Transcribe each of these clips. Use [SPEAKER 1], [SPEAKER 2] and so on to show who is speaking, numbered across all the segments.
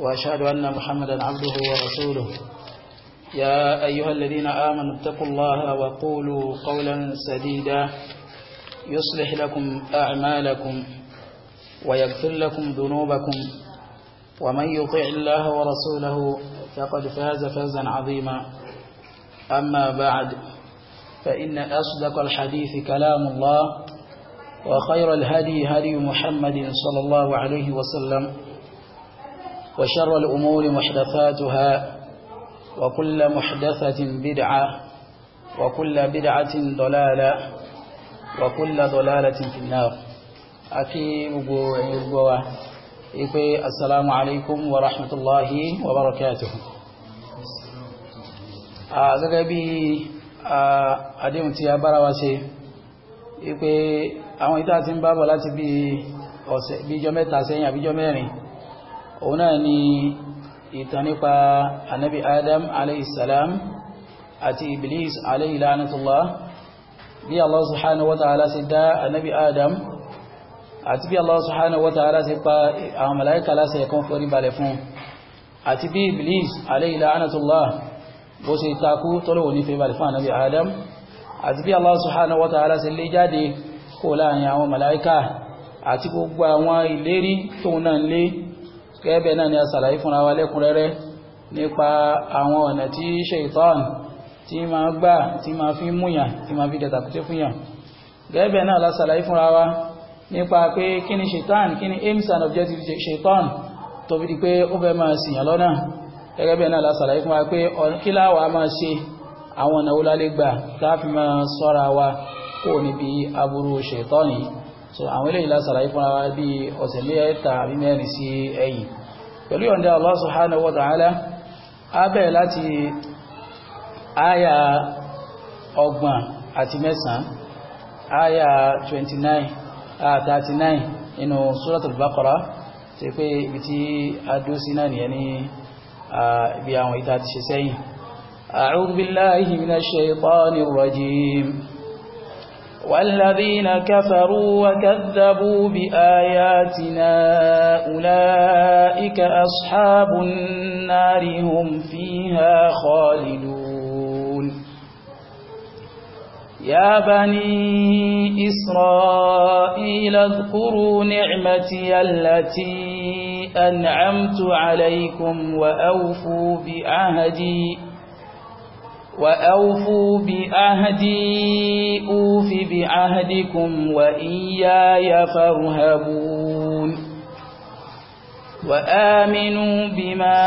[SPEAKER 1] وأشهد أن محمدا عبده ورسوله يا أيها الذين آمنوا اتقوا الله وقولوا قولا سديدا يصلح لكم أعمالكم ويغفر لكم ذنوبكم ومن يطع الله ورسوله فقد فاز فازا عظيما أما بعد فإن أصدق الحديث كلام الله وخير الهدي هدي محمد صلى الله عليه وسلم وشر الأمور محدثاتها وكل محدثة بدعة وكل بدعة ضلالة وكل ضلالة في النار أكي بقوة إكي السلام عليكم ورحمة الله وبركاته أعزق بي أديم تيابرا واسي إكي أعوان إتاتي مبابا لاتي بي ọ̀sẹ̀ bíjọ mẹ́ta sẹ́yìn àbíjọ mẹ́rin òun náà ni ìtàn nípa anabi adam aleyhisselam àti iblis aleyhilanatullah bí allah subhanahu wa ta'ala ṣe dá anabi adam àti bí allah subhanahu wa ta'ala ṣe pa àwọn màláíkà láṣẹ ẹ̀kan forí balẹ̀ fún àti bí iblis aleyhilanatullah bó ṣe takú tọ́lọ̀wò ní fẹ́
[SPEAKER 2] balẹ̀ fún anabi adam àti bí allah subhanahu wa ta'ala lé jáde kó láàrin àwọn màláíkà àti gbogbo àwọn ìlérí tóun náà lé gẹ́gẹ́ náà ni a sàlàyé fúnra wa lẹ́kùnrẹ́rẹ́ nípa àwọn ọ̀nà tí shaitan tí ma gbà tí ma fi múyàn tí ma fi dẹ̀tàkútẹ́ fúnyàn gẹ́gẹ́ náà la sàlàyé fúnra wa nípa pé kí ni shaitan kí ni aims and objectives shaitan tó fi di pé ó fẹ́ máa sìyàn lọ́nà gẹ́gẹ́ náà la sàlàyé fúnra pé kí láwàá máa ṣe àwọn ọ̀nà wo la lè so àwọn eléyìí la sàlàyé fúnra wa bí ọ̀sẹ̀ mẹ́ta àbí ẹ̀yìn pẹ̀lú yọ̀ǹda Allah subhanahu wa ta'ala abẹ́ láti àyà
[SPEAKER 1] ọgbọ̀n àti mẹ́sàn àyà 29 39 inú suratul Baqara tí pé ibi tí a dó sí náà nìyẹn ní ibi àwọn ìta ti ṣe sẹ́yìn a'udhu billahi minash shaytanir rajim والذين كفروا
[SPEAKER 2] وكذبوا بآياتنا أولئك أصحاب النار هم فيها خالدون يا بني إسرائيل
[SPEAKER 1] اذكروا نعمتي التي أنعمت
[SPEAKER 2] عليكم وأوفوا بعهدي وأوفوا بأهدي أوف بعهدكم وإياي فارهبون وآمنوا بما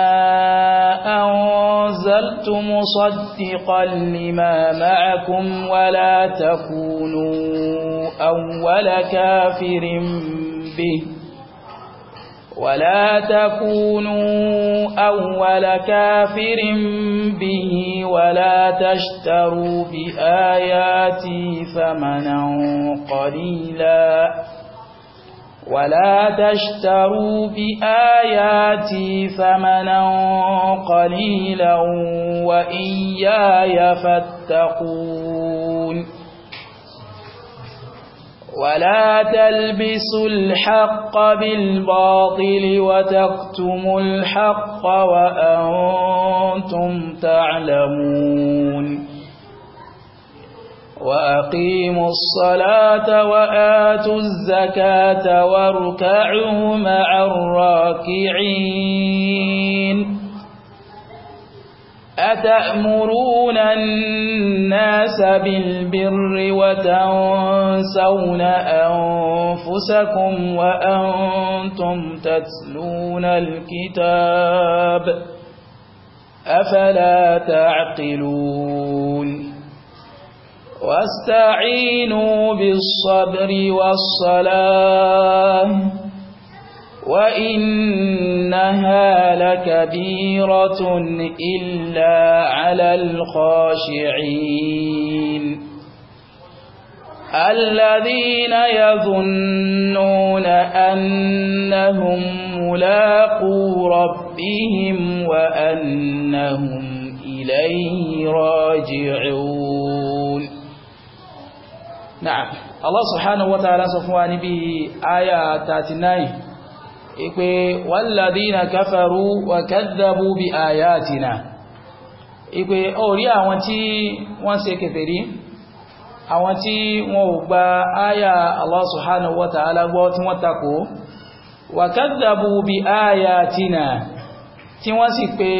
[SPEAKER 2] أنزلت مصدقا لما معكم ولا تكونوا أول كافر به ولا تكونوا أول كافر به ولا تشتروا بآياتي ثمنا قليلا ولا تشتروا بآياتي ثمنا قليلا وإياي فاتقون ولا تلبسوا الحق بالباطل وتكتموا الحق وأنتم تعلمون وأقيموا الصلاة وآتوا الزكاة واركعوا مع الراكعين أتأمرون الناس بالبر وتنسون أنفسكم وأنتم تتلون الكتاب أفلا تعقلون واستعينوا بالصبر والصلاة وإنها لكبيرة إلا على الخاشعين الذين يظنون أنهم ملاقو ربهم وأنهم إليه راجعون نعم الله سبحانه وتعالى صفوان به آية 39 ipe wàlàdínà káfàrú wà kádàbú bí àyàtìnà ipe orí àwọn tí wọ́n ṣe kèfèrí àwọn tí wọ́n ò gba áyà Allah subhanahu wa ta'ala gbọ́ tí wọ́n takò wà kádàbú bí àyàtìnà tí wọ́n sì pè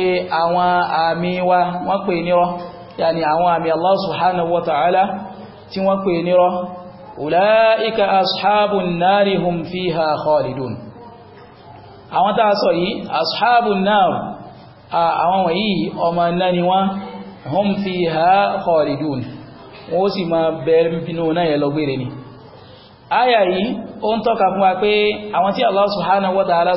[SPEAKER 2] àwọn àmì wa wọ́n pè nírọ́ yàní àwọn àmì Allah subhanahu wa ta'ala tí wọ́n pè nírọ́ ulaika ashabun nari fiha khalidun àwọn tá a sọ yìí ashabun nar àwọn wọ̀nyí ọmọ náà ni wọ́n hum fiha khalidun wọ́n sì máa bẹ̀rẹ̀ bínú náà yẹ lọ́gbèrè ni aya yìí ó ń tọ́ka fún wa pé àwọn tí Allah subhanahu wa ta'ala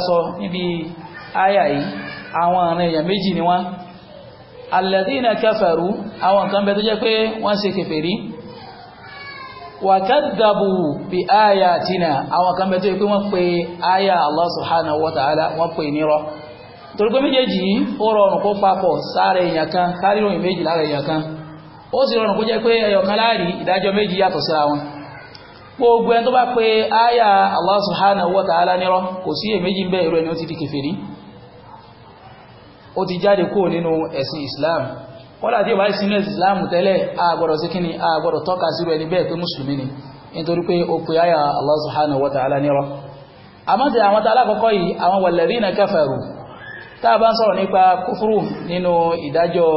[SPEAKER 2] Wakadabu bí áyà aya àwọn kan bẹ tó yẹ pé pe aya Allah subhanahu wa ta'ala won pe nírọ́ tori pé méjèèjì yìí ó rọrùn kó papọ̀ sára èèyàn kan kárí ròyìn méjì lára èèyàn kan ó sì rọrùn kó jẹ́ ya ẹyọ kan láàrí ìdájọ́ méjì yàtọ̀ gbogbo pe aya Allah subhanahu ta'ala nírọ́ ko sí èméjì ń bẹ irú ti di Islam kọ́lá tí ó bá sínú islam tẹ́lẹ̀ agbọ́dọ̀ sí kíni agbọ́dọ̀ tọ́ka sí rẹ̀ níbẹ̀ pé musulmi ni nítorí pé ó pè áyà Allah subhanahu wa ta'ala nírọ́ àmọ́tẹ̀ àwọn tààlá kọ́kọ́ yìí àwọn walladhina kafaru tá a bá ń sọ̀rọ̀ nípa kúfúrú nínú ìdájọ́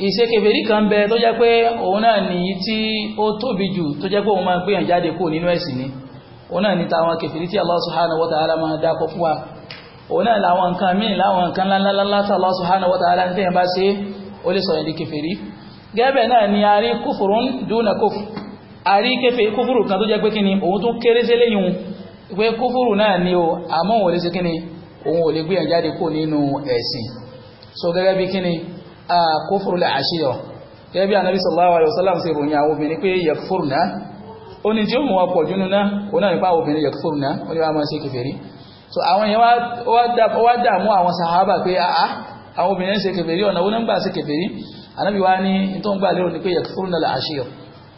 [SPEAKER 2] ise kèfèrí kan bẹ tó jẹ́ pé òun náà nìyí tí ó tóbi jù tó jẹ́ pé òun máa gbéyàn jáde kó nínú ẹ̀sìn ni òun náà ní tàwọn kèfèrí tí Allah ni a rí kúfùrún dúnà kúfù a rí kúfùrù kan tó jẹ́ pé kí ni òun tún kéré sí léyìn pé kúfùrù náà ni kófòrò lẹ́ àṣíyọ̀ gẹ́gẹ́ bí anábí sallallahu alaihi wasallam sí ìròyìn àwọn obìnrin pé yakfurna ó ní tí ó mú wọn pọ̀ jùnú náà ó náà nípa obìnrin yakfurna ó ní wọ́n máa ṣe kèfèrí so àwọn èèyàn wá dààmú àwọn sahaba pé àá ah, ah, àwọn obìnrin ṣe kèfèrí ọ̀nà wọn gbà ṣe kèfèrí anábí wa ní tó ń gbà lérò ní pé yakfurna al-ashira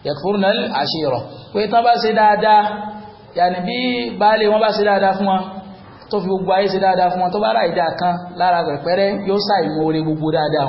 [SPEAKER 2] yakfurna al-ashira pé tán bá ṣe dáadáa yàní bí baálé wọn bá ṣe dáadáa fún wọn tó fi gbogbo ayé ṣe dáadáa fún wọn tó bá ráì dáa kan lára pẹ̀pẹ́rẹ́ yóò ṣàìmọ̀ oore gbogbo dáadáa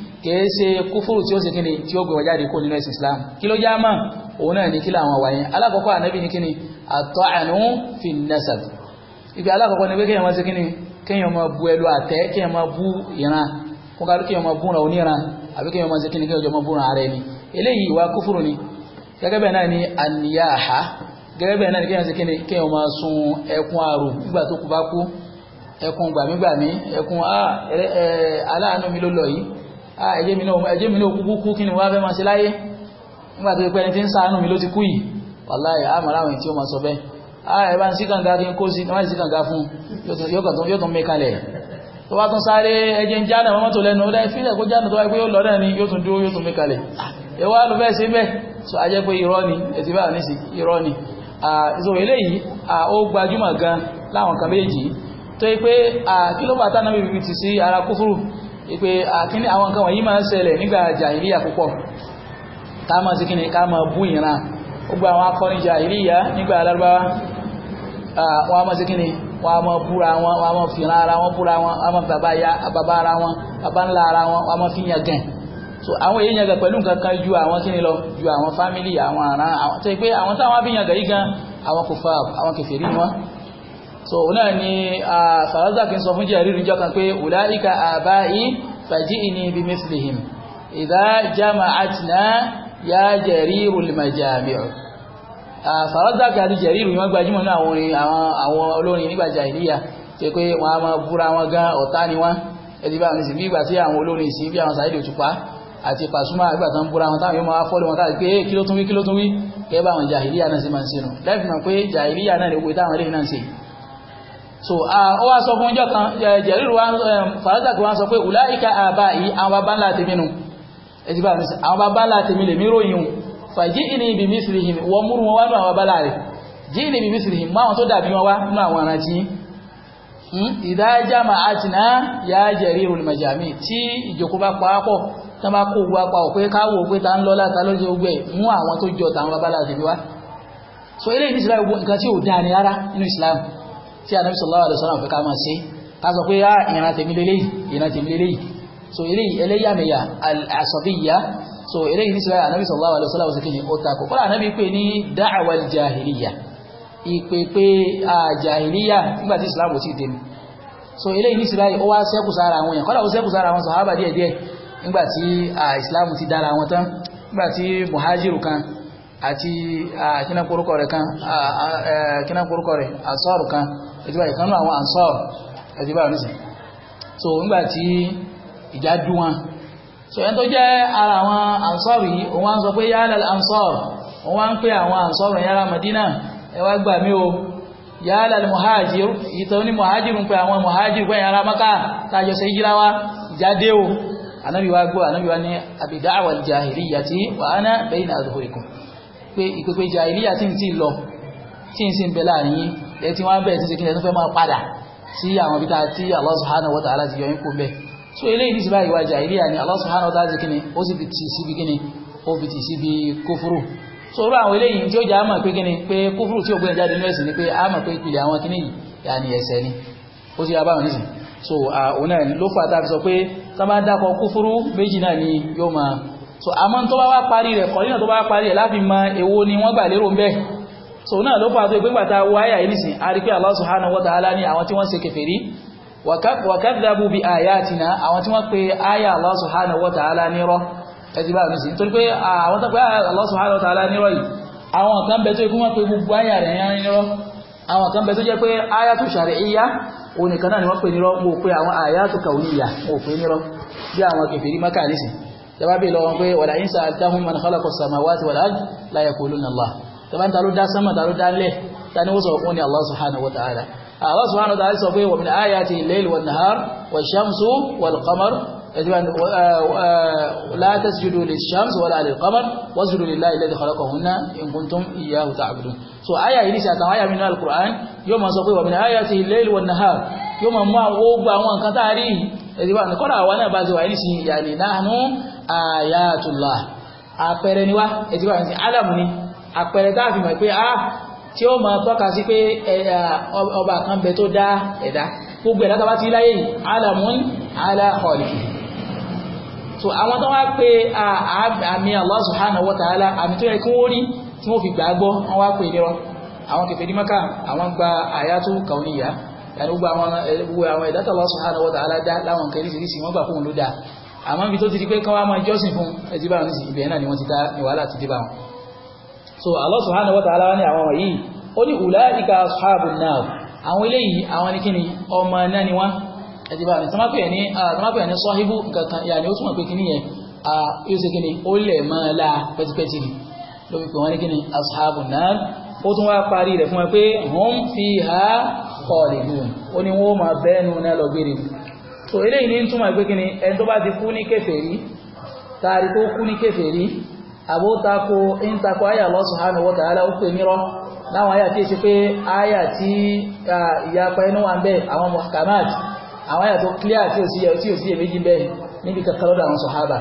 [SPEAKER 2] kìí ṣe kúfúrù tí ó sì kí ni tí ó gbẹ̀wọ̀ jáde kó nínú ẹ̀sìn islam kí ló já mọ́ òun náà ní kí láwọn wà alákọ̀ọ́kọ́ ànábì ní kí ni àtọ́ ànú fi nasab ibi alákọ̀ọ́kọ́ ni pé kéèyàn ni kéèyàn máa bu ẹlú àtẹ́ kéèyàn máa bu ìran kó ká kéèyàn máa búra oníran ni kéèyàn jọ máa búra ara ẹni eléyìí ìwà kúfúrù ni gẹ́gẹ́ bẹ́ẹ̀ náà ni àníyàhá gẹ́gẹ́ bẹ́ẹ̀ náà ni kéèyàn ṣe kí ni kéèyàn máa sun ẹkún àrò nígbà tó kú bá kú gbàmígbàmí ẹkún ah, aláàánú mi ló lọ yìí Ah, ẹjẹ́ mi náà kúkú kú kí ni wọ́n fẹ́ máa ṣe láyé nígbà tó pẹ́ni tí ń ṣàánú mi ló ti kú yìí wàláyé àmàláwìn tí ó máa sọ bẹ́ẹ̀ ààrẹ ah, bá ń sí kànga kí n kó sí níwájú sí ni yóò tún dúró yóò tún mẹ́ kalẹ̀ ah, so a jẹ́ pé irọ́ ni ẹ̀sì bá ní sí irọ́ ni so eléyìí ó gbajúmọ̀ gan láwọn kan méjì tó yí pé wípé àkíní àwọn nǹkan wọ̀nyí máa ń ṣẹlẹ̀ nígbà jàìríyà púpọ̀ ká máa sí kíni ká máa bú ìran gbogbo àwọn akọni jàìríyà nígbà alárúbáwá wọ́n máa sí kíni wọ́n máa búra wọn wọ́n so àwọn èyí yàn gàn pẹ̀lú nǹkan kan ju àwọn kíni lọ ju àwọn fámìlì àwọn àrán àwọn tẹ́ pé àwọn táwọn bí yìí gan àwọn kò fa àwọn kẹfẹ́ wọn so ọ̀nà ni sàrázàkì sọ fún jẹ́rí ríjọ kan pé ulaika abai faji'ini bimithlihim idha jama'atna ya jariru al-majami' sàrázàkì àti jẹ́rí rí wọ́n gbajúmọ̀ ní àwọn olórin nígbà jahiliya tí pé wọ́n a máa búra wọn gan ọ̀tá ni wọ́n ẹ̀dí bá ní sí bí ìgbà tí àwọn olórin ìsìn bí àwọn sàídì òtùpá àti pàṣúmà àgbà tán búra wọn táwọn yóò máa fọ́lù wọn káàkiri pé eh, kí ló tún wí kí ló tún wí kẹ́ so ah, ó wá sọ fún ọjọ́ kan jẹ̀rìrì wa fàrátàkì wa sọ pé ùláìka àbá yìí àwọn bàbá ńlá tèmi nù ẹ̀sìn bá mi sọ àwọn bàbá ńlá tèmi lèmi ròyìn o fàjí ìní ibi mísìlìhìn wọ́n múrù wọn wá nù àwọn bàbá ńlá rẹ̀ jí ìní ibi mísìlìhìn máwọn tó dàbí wọn wá nù àwọn arájí ìdájá máa àtìná yá jẹ̀rìrì olùmọ̀jàmí tí hmm? ìjókòó bá pa á so eléyìí ní ìsìláàmù nǹkan tí ò dáa tí Ànábì sallallahu alaihi wasallam fẹ́ ká máa ṣe ká sọ pé ah, ìran tèmi lélẹ́yìí ìran tèmi lélẹ́yìí so eléyìí ẹlẹ́yàmẹ̀yà al-asabiyya so eléyìí nísìlẹ̀ Ànábì sallallahu alaihi wasallam sí kí ni ó takò kọ́lá Ànábì pè ní da'wa al-jahiliyya ìpè pé àjàhìlíyà nígbà tí Islam ti dé so eléyìí nísìlẹ̀ ó wá ṣẹ́kù sára àwọn èèyàn kọ́lá ó ṣẹ́kù sára àwọn sàhábà díẹ̀díẹ̀ nígbà Islam ti dára wọn tán nígbà tí muhajiru àti kínákórúkọ rẹ̀ kan kínákórúkọ rẹ̀ ansọ́rù kan ẹ̀tìbá ìkanú àwọn ansọ́rù ẹ̀tìbá onísìn so nígbàtí ìjà dú wọn so ẹni tó jẹ́ ara àwọn ansọ́rù yìí òun wá ń sọ pé yálà ansọ́rù òun wá ń pè àwọn ansọ́rù yára Madina ẹ wá gbà mí o yálà muhajir ìtọ́ muhajir ń pè àwọn pé ìpèpè jàhílíyà tí ń ti lọ tí ń sì ń bẹ láàrin yín ẹ ti wá bẹ̀rẹ̀ títí kílẹ̀ tó fẹ́ máa padà sí àwọn ibi tí Allah subhanahu wa ta'ala ti yọ yín kó bẹ́ẹ̀ so eléyìí ní síbáyìí wá jàhílíyà ni Allah subhanahu wa ta'ala ti kíni ó sì fi tì síbi kíni ó fi tì síbi kófúrú so irú àwọn eléyìí tí ó jà á mọ̀ pé kíni pé kófúrú tí ó gbé jáde nínú ẹ̀sìn ni pé á pé ìpìlẹ̀ àwọn kíní yìí yà ni ó ti yà nísìn so òun náà ló fà tá a fi sọ pé tá a bá dákọ̀ kófúrú méjì náà ni yóò máa so àmọ́ tó bá wá parí rẹ̀ kọ̀rínà tó bá wá parí rẹ̀ láfi mọ èwo ni wọ́n gbà lérò ń bẹ́ so náà ló fà tó pé gbàtà wáyà yìí nìsín a rí pé Allah subhanahu wa ta'ala ní àwọn tí wọ́n ṣe kèfèrí wa kadhabu bi ayatina àwọn tí wọ́n pe àyà Allah subhanahu wa ta'ala nírọ́ ẹ̀sìn báyìí nìsín torí pé àwọn tó pe àyà Allah subhanahu wa ta'ala nírọ́ yìí àwọn kan bẹ tó ikú wọn pe gbogbo àyà rẹ̀ yẹn nírọ́ àwọn kan bẹ tó jẹ́ pé àyà tó shar'iyya òun nìkan náà ni wọ́n pe nírọ́ mo pe àwọn àyà tó kauniyya mo pe nírọ́ bí àwọn kèfèrí Mákà nìsín tẹ́bàbí lọ wọn pé wàlá ìsà àtàhùn man khalaqa samawati wal ard la yaquluna Allah tẹ́bà ń ta ló dá sánmà ta ló dá lẹ̀ ta ní wọ́n sọ fún ni Allah subhanahu wa ta'ala Allah subhanahu wa ta'ala sọ pé wa ayati al-layl wan nahar wash-shamsu لا تسجدوا للشمس ولا للقمر واسجدوا لله الذي خلقهن إن كنتم إياه تعبدون so aya yìí ṣàtàn aya mi ní alukur'an yóò máa sọ pé wà mí ní aya ti ilé ìlú ọ̀nà ha yóò máa mú àwọn ogun àwọn nǹkan tá a rí ẹ̀sìn bá kọ́ra àwa náà bá ti wà nísìnyí yàní nahnu ayatullah àpẹẹrẹ ni wá ẹ̀sìn bá ní alamu ni àpẹẹrẹ tá a fi mọ̀ pé a ah, tí ó máa tọ́ka sí pé ọba kan bẹ tó dá ẹ̀dá gbogbo ẹ̀dá tó bá ti láyé yìí alamun ala khaliqi so àwọn tó wá pé àmì Allah subhanahu wa ta'ala àmì tó yẹ kí wọ́n rí tí wọ́n fi gbàgbọ́ wọ́n wá pè lérọ́ àwọn kèfèrí Mákà àwọn gba àyátù kauniyya yàní gbogbo àwọn ìdátà eh, Allah subhanahu wa ta'ala dá láwọn nǹkan oríṣiríṣi wọ́n gbà fóun ló dáa àmọ́ ibi tó ti di pé kán wá máa jọ́sìn fún ẹtí bá ní ibẹ̀ náà ni wọ́n ti dá ní wàhálà ti dé bá wọn so Allah subhanahu wa ta'ala ní àwọn wọ̀nyí ó ní ulaika ashabun nar àwọn eléyìí àwọn ní kíni ọmọ náà ẹ̀tì bá ní sọmápẹ̀ ní sọmápẹ̀ ní sọ́híbù kankan yà ní ó túnmọ̀ pé kí níyẹn yóò ṣe kíni ó lẹ̀ máa la pẹ́tipẹ́tì ni lóbi pé wọ́n ní kíni ashabu nar ó tún wá parí rẹ̀ fún wọn pé hum fiha khalidun ó ní wọ́n máa bẹ́ẹ̀nu náà lọ gbére so eléyìí ní túnmọ̀ pé kíni ẹni tó bá ti kú ní kèfèrí tààrí tó kú ní láwọn ayà tí ó ṣe pé ayà tí ìyapa inú wa ń bẹ àwọn muhkamat àwọn àyà tó clear tí ò sí tí ò sí èméjì bẹ́ẹ̀ níbi kankan lọ́dọ̀ àwọn sọ̀hábà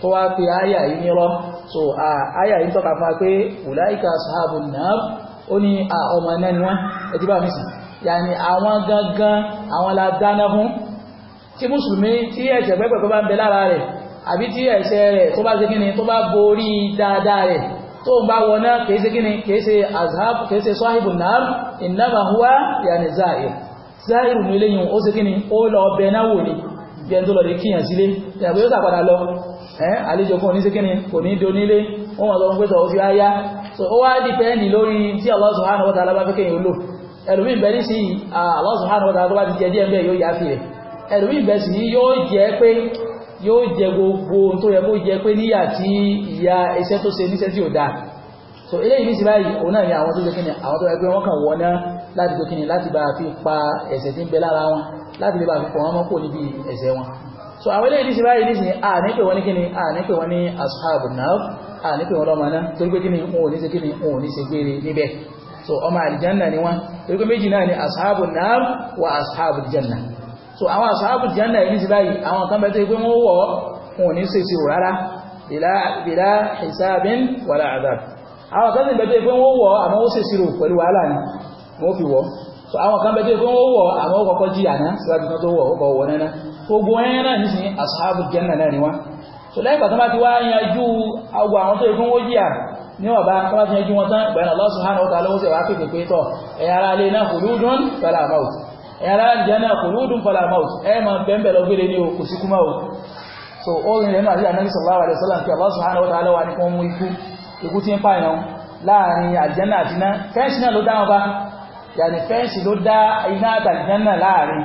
[SPEAKER 2] tó wá pé àyà yìí nírọ́ so àyà yìí tọ́ka fún wa pé ulaika ashabun nar ó ní ọmọ náà ni wọ́n ẹ̀dí bá mi sì yàní àwọn gangan àwọn la dáná fún tí mùsùlùmí tí ẹ̀ṣẹ̀ pẹ́pẹ̀pẹ́ bá ń bẹ lára rẹ̀ àbí tí ẹ̀ṣẹ̀ rẹ̀ tó bá ṣe azhab kèése sahibun nar innama huwa yàní zair záìrù ní ilé yìí ó sì kíni ó lọ ọbẹ̀ náà wò ní bí ẹni tó lọ lè kíyàn sílé ìyàgbé yóò sàpadà lọ ẹ́ àlejò kan ní sí kíni kò ní do nílé wọ́n wọ́n sọ pé fi áyá so ó wá dìpẹ́ndì lórí Allah subhanahu wa ta'ala bá fẹ́ kéyìn ó lò ẹlòmí ní sí Allah subhanahu wa ta'ala tó bá ti jẹ díẹ̀ bẹ́ẹ̀ yóò yá fi rẹ̀ ẹlòmí ìbẹ̀ sí yóò jẹ́ pé tí ìyá iṣẹ́ so eléyìí ní sí báyìí òun náà ni àwọn tó jẹ́ kíni àwọn tó ẹgbẹ́ wọn kàn wọ́n náà láti tó kíni láti bá fi pa ẹ̀ṣẹ̀ tí ń bẹ lára wọn láti lè bá fi pọ̀ wọn mọ́ níbi ẹ̀ṣẹ̀ wọn so àwọn eléyìí ní sí báyìí ní sí à ní pè wọ́n ní kíni à ní pè wọ́n ní ashabu náà à ní pè wọ́n lọ́mọ náà torí pé kíni òun ní ṣe kíni òun ní ṣe gbére níbẹ̀ so ọmọ àlìjánà ni wọ́n torí pé méjì náà ni ashabu náà wa ashabu janna so àwọn ashabu janna yìí ní sí báyìí àwọn kan bẹ tó pé wọ́n wọ̀ wọn ò ní ṣe sí rárá bila bila hisabin wala àwọn kan sì ń bẹ̀tẹ̀ pé wọ́n wọ̀ àmọ́ ó ṣèṣirò pẹ̀lú wàhálà ni wọ́n fi wọ̀ so àwọn kan bẹ̀tẹ̀ pé wọ́n wọ̀ àmọ́ ó kọ́kọ́ jìyà náà síwájú kan tó wọ̀ ó kọ́ wọ̀ náà gbogbo ẹyẹ ní sin asáàbù jẹ́nà so lẹ́yìn pàtó bá ti wá yanjú àwọn àwọn tó ikú wọ́n jìyà ní ọ̀bá tó bá ti yanjú wọn tán ìgbàna Allah subhanahu wa ta'ala lọ́wọ́sẹ̀ wá pèpè pé tọ̀ ẹ̀yà ara lè náà khuludun fala maut so ó rìn lẹ́nu àti ànábì sallallahu alaihi wasallam kí Allah subhanahu wa ta'ala wà ní kí ikú tí ń pààyàn láàrin àlìjánà àti iná fẹ́ǹsì náà ló dá wọn bá yàní fẹ́ǹsì ló dá iná àtàlìjánà láàrin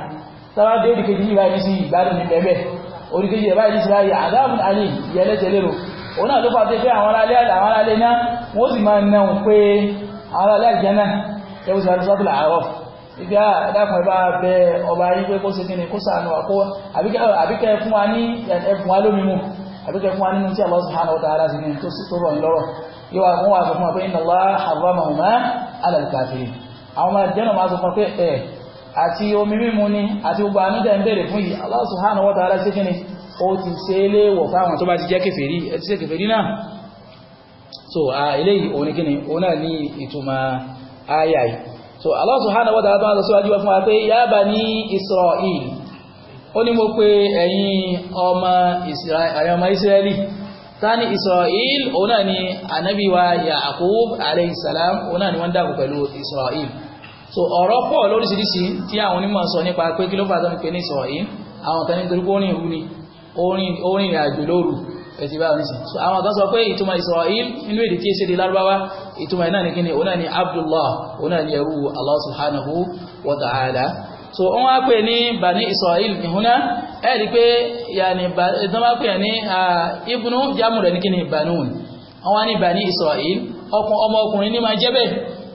[SPEAKER 2] sábà dé ìdíkejì yìí báyìí sí ìgbádùn ní bẹ́ẹ̀ oríkejì ẹ̀ báyìí sí láàyè àdáàbùn alẹ́ ìyẹlẹ́tẹ̀lérò òun náà ló fàtẹ́ pé àwọn alẹ́ àwọn alẹ́ náà wọ́n sì máa nà ń pé àwọn alẹ́ àlìjánà ẹwù sàrẹ́ sọ́tùlà àárọ̀ àbíkẹ́ fún wa nínú tí Allah subhanahu wa ta'ala sí ní tó sí tó rọ̀ lọ́rọ̀ yóò wà wọ́n wà sọ fún wa pé inna Allah harramahuma ala al-kafirin àwọn máa jẹ́nà máa sọ fún pé ẹ̀ àti omi mímu ni àti gbogbo ànúdẹ̀ ń bèèrè fún yìí Allah subhanahu wa ta'ala sí kíni ó ti ṣe é léèwọ̀ fáwọn ó ní mo pé ẹ̀yin ọmọ Israeli tani Israel òun náà ni ànábì wa Yaqub alayhi salam òun náà ni wọ́n dàgbò pẹ̀lú Israel so ọ̀rọ̀ pọ̀ lóríṣiríṣi tí àwọn onímọ̀ sọ nípa pé kí ló fà tán pé ní Israel àwọn kan nítorí pé orin ìrú ni orin ìrìnàjò lóru ẹ̀tì bá ní sí so àwọn kan sọ pé ìtumọ̀ Israel inú èdè tí é e sédè lárúbáwá ìtumọ̀ náà ni kíni òun náà ni Abdullah òun ni ẹrú Allah subhanahu wa ta'ala so wọ́n wá pè ní bani israel ìhúná ẹ̀ rí pé yàní ìdán wá pè ní ibùnú jámù rẹ̀ ní kíni ìbànúùn wọ́n wá ní bani israel ọmọ ọkùnrin ní máa jẹ́ bẹ́ẹ̀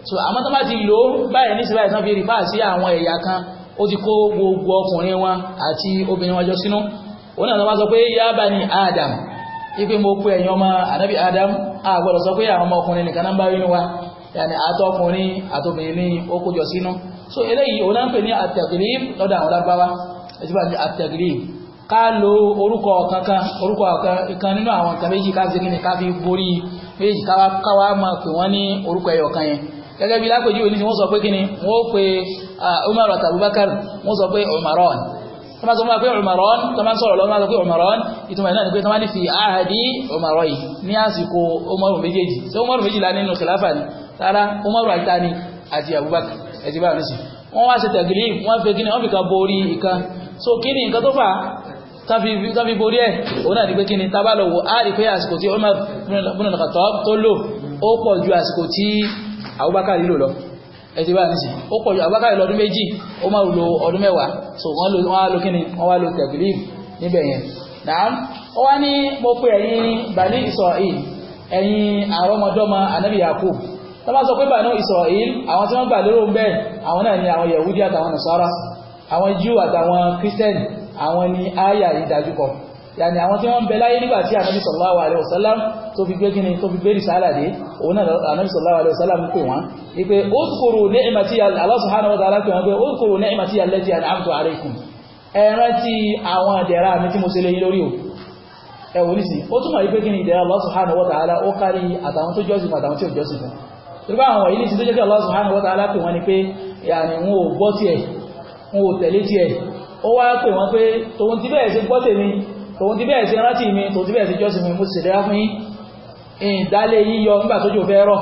[SPEAKER 2] so àmọ́ tó bá ti lò ó báyìí nísìnyí báyìí tán fi rí fáà sí àwọn ẹ̀yà kan ó ti kó gbogbo ọkùnrin wọn àti obìnrin wọn jọ sínú òun náà tó máa sọ pé yá bani adam ipe mo pe ẹ̀yin ọmọ anabi adam a gbọ́dọ̀ sọ pé àwọn ọmọkùnrin nìkan náà ń bá wínú wa yàní àtọkùnrin àtobìnrin ní ó kójọ sínú so eléyìí òun náà ń pè ní àtẹ̀gìrìm lọ́dọ̀ àwọn lágbáwá ẹ̀sìnbà ní àtẹ̀gìrìm ká lo orúkọ kankan orúkọ kan nínú àwọn nǹkan méjì ká ṣe kíni ká fi borí méjì káwá máa pè wọ́n ní orúkọ ẹyọ kan yẹn gẹ́gẹ́ bí lápèjúwe ní wọ́n sọ pé kíni wọ́n pe Umar àti Abubakar wọ́n sọ ni pé tọ́mà ní fi ahadi Umaron yìí ní àsìkò Umaru méjèèjì tara Umaru àti àti Abubakar ẹ̀tí bá lùsì wọ́n wá ṣe tẹ̀gìlì wọ́n fi kíni wọ́n fi ka borí ìkan so kíni nǹkan tó fà tàbí borí ẹ̀ òun náà ní pé kíni tá bá lọ wò á rí pé àsìkò tí Umar ibn al-Khattab tó lò ó pọ̀ ju àsìkò tí Abubakar so wọ́n wá lò kíni wọ́n wá lò tẹ̀gìlì níbẹ̀ yẹn náà ó Bani Isra'il ẹ̀yin àrọ́mọdọ́mọ Ànábì Yakub tọ́bá sọ pé bàánú Israel àwọn tí wọ́n gbà lérò ń àwọn náà ni àwọn Yahudi àtàwọn Nasara àwọn Jew àtàwọn Christian àwọn ni àyà ìdájúkọ yàní àwọn tí wọ́n ń bẹ láyé nígbà tí alaihi wasallam tó fi gbé kíni tó fi gbé rìsáàlà dé òun alaihi wasallam pè wọ́n wípé udhkuru ni'mati Allah subhanahu wa ta'ala pè wọ́n pé udhkuru ni'mati allati an'amtu alaykum ẹ rántí àwọn àdẹ̀rà mi tí mo ṣe lé yín lórí o ẹ̀wọ̀n nísìn ó túnmọ̀ wípé kíni ìdẹ̀rà Allah subhanahu wa ta'ala ó kárí àtàwọn tó jọ́sìn àtàwọn tí ò jọ́sìn torí bá àwọn ilé tí tó jẹ́ kí Allah subhanahu wa ta'ala pè wọ́n ni pé yàní wọn ò gbọ́ tiẹ̀ wọn ò tẹ̀lé tiẹ̀ ó wá pè wọ́n pé tòun ti bẹ́ẹ̀ sí gbọ́ tèmi tòun ti bẹ́ẹ̀ sí rántí mi tòun ti bẹ́ẹ̀ sí jọ́sìn mi mo sì dẹ́ra fún yín ìdálé yíyọ nígbà tójò fẹ́ rọ̀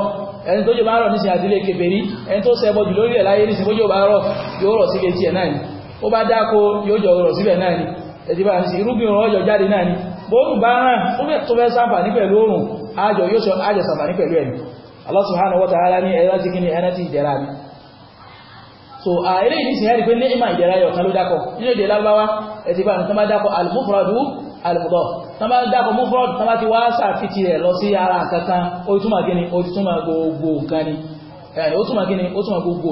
[SPEAKER 2] ẹni tójò bá rọ̀ nísìnyí àdílé kèfèrí ẹni tó sẹ́bọ jù lórí ẹ̀ láyé nísìnyí bójò bá rọ̀ yóò rọ̀ sí kejì ẹ̀ náà ni ó bá dáko yóò jọ rọ̀ síbẹ̀ náà ni ẹ̀dí bá sí irúgbìn ọjọ́ jáde náà ni bóòrùn bá rán tó fẹ́ sáfà ní pẹ̀lú oòrùn ajọ yóò sọ ajọ sáfà ní pẹ̀lú ẹ̀mí Allah subhanahu wa ta'ala ní ẹ̀rọ jí kíni ẹ̀rọ ti ìdẹ̀ra ni so àìrí ìdísìn ẹ̀rí pé ní ìmà ìdẹ̀ra yọ̀ kan ló dákọ̀ nínú èdè lágbáwá ẹ̀tì bá nǹkan bá dákọ̀ al-mufradu al-mudaf tán bá dákọ̀ mufrad tán bá ti wá sàfitì rẹ̀ lọ sí ara kankan ó túmọ̀ kíni ó túmọ̀ gbogbo nǹkan ni ó túmọ̀ kíni ó túmọ̀ gbogbo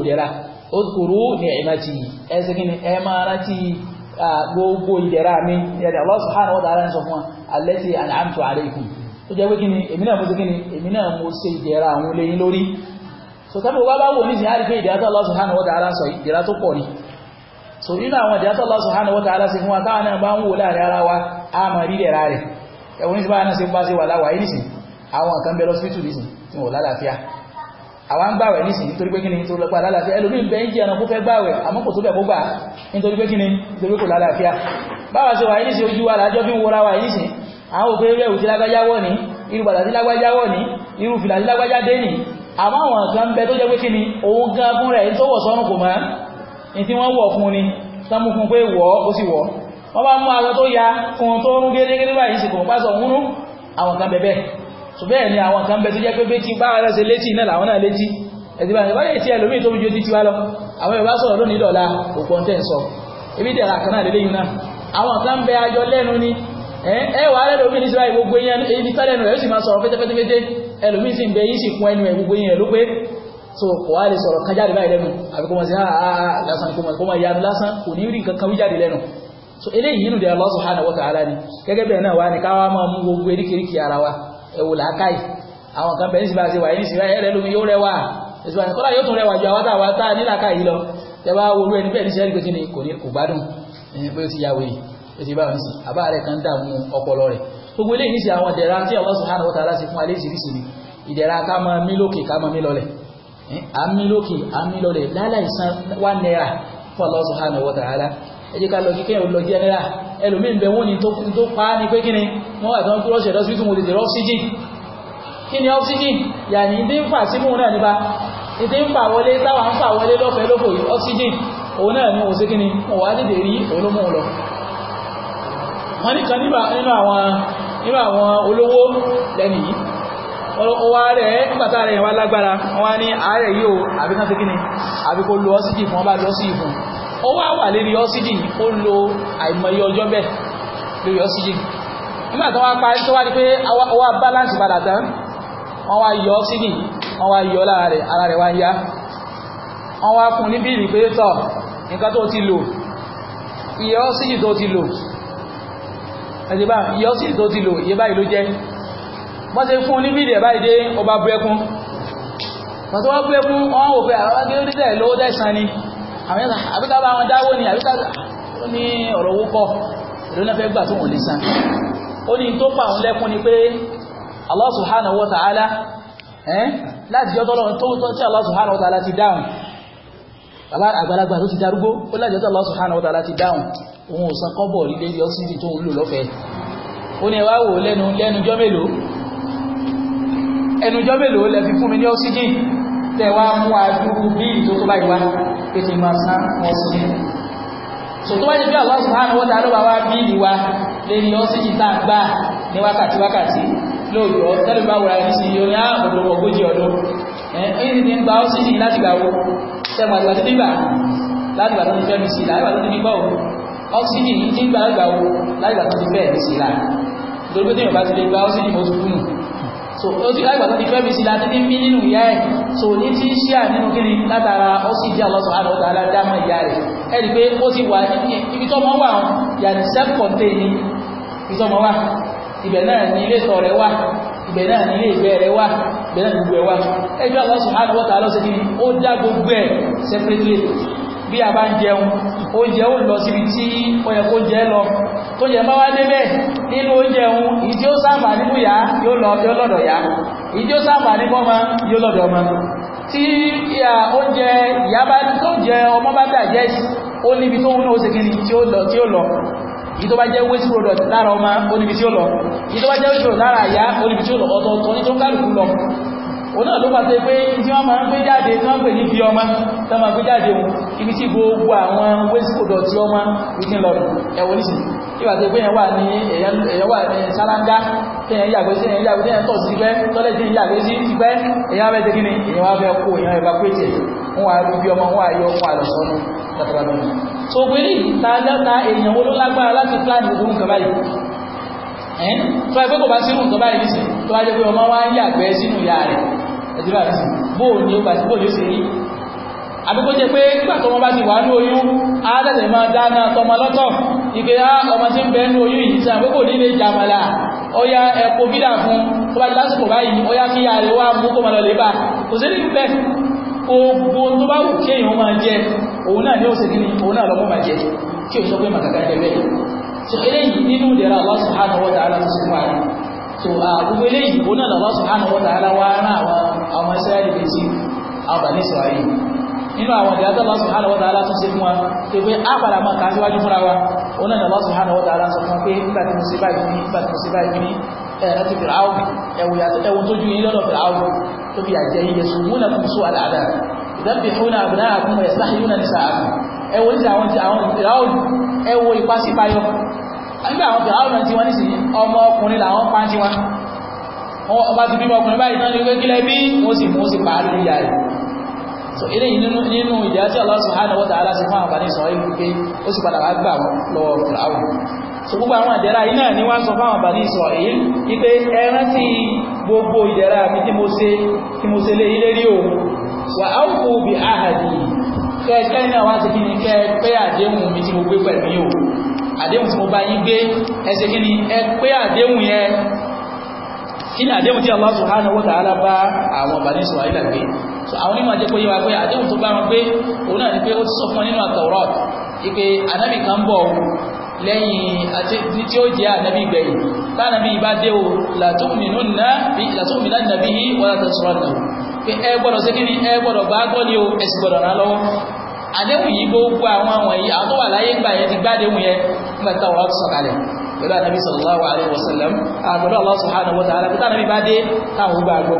[SPEAKER 2] ìdẹ̀ra tó jẹ́ pé kí ni èmi náà mo ṣe kí ni èmi náà mo ṣe ìdẹ̀ra àwọn olóyin lórí so tábí wá bá wò ní ìsìnyá rí pé ìdẹ̀ra tó Allah subhanahu wa ta'ala sọ ìdẹ̀ra tó pọ̀ ni so nínú àwọn ìdẹ̀ra tó Allah subhanahu wa ta'ala sí fún wa táwọn náà bá ń wò láàrin ara wa a máa rí dẹ̀ra rẹ̀ ẹ̀wọ̀n ní síbáyà náà ṣe ń bá ṣe wà láwàá yìí nìsìn àwọn kan bẹ lọ́sítù nìsìn tí wọ́n lálàáfíà àwọn ń gbàwẹ̀ nìsìn nítorí pé kí ni tó lọ́pàá lálàáfíà ẹlòmí ń bẹ ń jẹ́ ẹran kó fẹ́ gbàwẹ̀ àmọ́ kò tó bẹ̀ kó gbà nítorí pé kí ni nítorí kò lálàáfíà báwa ṣe wà yìí nìsìn ojú wa làájọ́ bí wọ́ra wa yìí nìsìn àwọn òfin eré òsì lágbájáwọ́ ní irú bàtà sí lágbájáwọ́ ní irú fìlà sí lágbájádé ní àmọ́ àwọn kan bẹ tó jẹ́ pé kí ni òun gan fún rẹ̀ tó wọ̀ sọ́run kò máa ní tí wọ́n wọ̀ fún ni sánmú fún pé wọ̀ ó sì wọ̀ wọ́n bá ya fún tó rún gẹ́gẹ́gẹ́ báyìí sì kò pásọ̀ ń rú àwọn kan bẹ̀bẹ̀ so bẹ́ẹ̀ ni àwọn kan bẹ ń bẹ ajọ lẹ́nu ni ẹwà ẹlòmí ní síwáyé gbogbo yẹn ibi tálẹ́nu rẹ̀ ó sì máa sọ̀rọ̀ pẹ́tẹ́pẹ́tẹ́pẹ́tẹ́ ẹlòmí sì ń bẹ yí sì kún ẹnu ẹ̀ gbogbo ló pé so kò wá lè sọ̀rọ̀ kan jáde báyìí lẹ́nu àbí kó mọ̀ sí àà lásán kó mọ̀ yanu lásán kò ní rí nǹkan kan wí jáde lẹ́nu so eléyìí inú de Allah subhanahu wa ta'ala ni gẹ́gẹ́ bẹ́ẹ̀ náà wá ní káwá máa mú gbogbo eríkèríkè ara wa ẹ̀wò làákàyè àwọn kan bẹ̀rẹ̀ síbáṣe wà ní síra ẹ̀rẹ́ lómi yóò ni kò gbádùn ẹni pé ó ti ètò ìbára sí àbá rẹ̀ kan dààmú ọpọlọ rẹ̀ gbogbo eléyìí sí àwọn ìdẹ̀ra tí Allah subhanahu wa ta'ala sí fún aléṣiríṣi ni ìdẹ̀ra ká máa mí lókè ká máa mí lọlẹ̀ à wa ta'ala ẹ jẹ́ ká lọ kíkẹ́ ò lọ jẹ́ náírà ẹlòmíín bẹ wọ́n ni tó pa á ní pé kí ni wọ́n wà tán kúrọ́ṣì ẹ̀dọ́ sí mo lè dèrò ọ́síjì kí ni ọ́síjì yàní ìdí ń fà símú náà nípa wọlé táwa ń fà wọlé lọ́fẹ̀ẹ́ lófò ọ́síjì òun náà ni òun sí kí ni òun wá rí òun ló wọ́n ní kan nínú àwọn olówó lẹ́nì yìí ó wá rẹ̀ nígbàtà rẹ̀ wá lágbára wọ́n ní ààrẹ yóò àbíkán sí kíni àbíkó lo ọ́sídì fún ọba lọ́sí ìfún ó wá wà lérí ọ́sídì ó lo àìmọye ọjọ́ bẹ́ẹ̀ lórí ọ́sídì nígbà tó wá parí tó wá balance padà tán wọ́n wá yọ ọ́sídì wọ́n wá yọ lára rẹ̀ ara rẹ̀ wá yá wọ́n wá fún ní pé ẹ̀sẹ̀ bá yọ́sì tó ti lò yẹ báyìí ló jẹ́ wọ́n ti fún ní bídẹ̀ báyìí dé ọba búrẹ́kún wọ́n tó wọ́n búrẹ́kún wọ́n wò pé àwọn akérèdíjẹ́ lówó dẹ́sán ni àbíká bá wọn dáwó ni àbíká ó ní ọ̀rọ̀ owó kọ́ ìlú náà fẹ́ gbà tó wọ́n lè san ó ní tó pa òun lẹ́kún ni pé Allah subhanahu wa ta'ala láti jọ́ tọ́lọ́ tó tí Allah subhanahu wa ta'ala ti dáhùn bàbá àgbàlagbà tó ti darúgbó ó lájọ́tọ̀ Allah subhanahu wa ta'ala ti dáhùn òun ò san kọ́bọ̀ rí lérí ọ́sídì tó ń lò lọ́fẹ̀ẹ́ ó ní ẹwà wò lẹ́nu lẹ́nujọ́ mélòó ẹnujọ́ mélòó lẹ fi fún mi ní ọ́sídì tẹ mú àdúrú bí ìtò Allah subhanahu wa ta'ala bá wá bí ìwà lérí ọ́sídì tá a gbà ní wákàtí wákàtí lóòjọ́ tẹ́lẹ̀ bá wùrà ní ah, Eh, ẹni tí ń gba ọ́sì ní láti gbà wo ṣẹ́gun àti bàtí nígbà láti gbà tó ti fẹ́ mi sí láti gbà tó ti gbọ́ ọ́sì ní ti gbà láti gbà wo láti gbà tó ti fẹ́ mi sí la torí pé téèyàn bá ti so ó ti láti gbà tó ti fẹ́ mi sí la títí mí nínú ìyá so ní ti ń ṣíà nínú kíni látara ọ́sì jẹ́ ọlọ́sọ̀ àná ọ̀tà aládámọ̀ ìyá rẹ̀ ẹ̀ rí pé ó ti wà self-contained ibi tó mọ́ wà ibẹ̀ náà ni ilé ìtọ̀ rẹ̀ wà ibẹ̀ náà ni ilé ìgbẹ́ bẹ̀rẹ̀ gbogbo ẹwà ẹjọ́ Allah subhanahu wa ta'ala lọ́sẹ̀ ní ó separately bí a bá ń jẹun oúnjẹ ó lọ síbi tí ó yẹ kó jẹ lọ tó jẹ bá wá débẹ̀ nínú oúnjẹ òun ìdí ó sáàmà níbù yá yóò lọ yóò lọ́dọ̀ yá ìdí ó sáàmà níbù ọmọ yóò lọ́dọ̀ ọmọ tí oúnjẹ ìyá bá tó ìtọ́ bá jẹ́ waste product lára ọmọ oníbi tí ó lọ ìtọ́ bá jẹ́ waste product lára àyá oníbi tí ó lọ ọ̀tọ̀ọ̀tọ̀ ní tó kálùkù lọ òun náà ló pàtẹ́ pé tí wọ́n máa ń gbé jáde tí wọ́n pè ní bí ọmọ tó máa gbé jáde ibi tí gbogbo àwọn waste product tí ọmọ within lọ́dún ẹ̀wọ̀n ìwà tó gbéyàn wà ní èyàn wà ní ṣáláńgá tẹ́yàn yàgbé sí èyàn yàgbé tẹ́yàn tọ̀ sí pẹ́ tọ́lẹ̀ tí yàgbé sí ti pẹ́ èyàn wá bẹ́ẹ̀ gíní èyàn wá bẹ́ẹ̀ kó èyàn ẹ̀bá péjẹ̀ wọ́n wá rí bí ọmọ wọ́n ayọ́ wọ́n àlọ́sọ́nù tàbí so gbélé ta èèyàn wo ló lágbára láti plan ìgbóhùn nǹkan báyìí ẹ́n tó ẹgbẹ́ kò bá sínú nǹkan báyìí nísìn tó wá jẹ́ pé ọmọ wá ń yàgbẹ́ sínú ìyá rẹ̀ ẹ̀dí bá bóò ni ó sì rí àbíkó jẹ pé nígbà tó wọ́n bá ti wà ní oyún alẹ́lẹ̀ máa dáná tọmọ lọ́tọ̀ ìgbé á ọmọ tí ń bẹ ní oyún yìí sàn pé nílé jàmàlà ọya ẹ̀kọ́ bídà fún tó báyìí ọya kí ya mú kó máa lọ lè bá so eléyìí nínú ìdẹ̀ra Allah subhanahu wa ta'ala tó sùn wáyé Allah wa ta'ala wá rán àwọn nínú àwọn ìdíyà tó Allah subhanahu wa ta'ala tún ṣe fún wa tó pé á padà máa kà síwájú fúnra wa òun náà Allah subhanahu wa ta'ala sọ fún pé nígbà tí mo ṣe báyìí ní nígbà tí mo ṣe báyìí ní ẹ̀ẹ́dẹ́tì fìràwọ̀ ẹ̀wù tó ju yín lọ́dọ̀ fìràwọ̀ tó fi àjẹ́ yíyẹ sùnmú náà fún sùn àdáadáa ìdẹ́bìhúnà àbúnáà fún ẹ̀sáhìúnà nìsàáàmù ẹwọ ní àwọn fìràwọ̀ ẹwọ ìpásípáyọ nígbà àwọn fìràwọ̀ tí wọ́n so eléyìí nínú ìdíyà tí Allah subhanahu wa ta'ala sí fún àwọn Bani Israil pé ó sì padà wá gbà wọn lọ́wọ́ fìlàwọ̀ so gbogbo àwọn ìdẹ̀ra iná ní wá sọ fáwọn Bani Israil wípé ẹ rántí gbogbo ìdẹ̀ra mi tí mo ṣe tí mo ṣe lé ilé rí o wà á kú bí ahadi kẹ́ẹ̀kẹ́ náà wá sí kí ni kẹ́ pé àdéhùn mi tí mo gbé pẹ̀lú yìí o àdéhùn tí mo bá yín gbé ẹ ṣe kí ni ẹ pé àdéhùn yẹn kí ni Allah subhanahu wa ta'ala bá àwọn Bani Israil àwọn onímọ̀ jẹ́ pé yíwa pé àdéhùn tó bá wọn pé òun náà ni pé ó ti sọ fún wọn nínú àtọ̀rọ̀ ìpè ànábì kan bọ̀ lẹ́yìn àti tí ó jẹ́ ànábì gbẹ̀yìn tánàbí bá dé o látúmìnà nàbí wọ́n tẹ̀sọ́rọ̀nà pé ẹ ni ẹ gbọ́dọ̀ bá gọ́ ní o ẹ̀sì gbọ́dọ̀ rán lọ́wọ́ àdéhùn yìí gbogbo àwọn àwọn yìí alaihi wasallam àgbẹ̀lú Allah subhanahu wa ta'ala pé tánàbí bá dé táwọn gbà gbọ́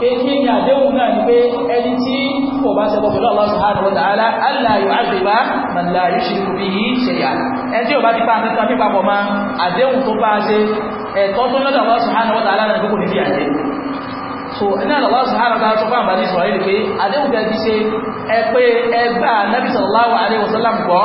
[SPEAKER 2] pé kí ni àdéhùn náà ni pé ẹni tí kò bá ṣe pọ̀pọ̀lọ́ Allah subhanahu wa ta'ala Allah yu'adhiba man la yushriku bihi shay'an ẹni tí ò bá ti pa nǹkan nípa pọ̀ àdéhùn tó bá ṣe ẹ̀tọ́ tó lọ́dọ̀ Allah subhanahu so iná Allah subhanahu wa ta'ala tó bá ń bá ní sọ̀rọ̀ yìí pé àdéhùn tẹ́ ti ṣe ẹ pé ẹgbà Nabi sallallahu alaihi wasallam gbọ́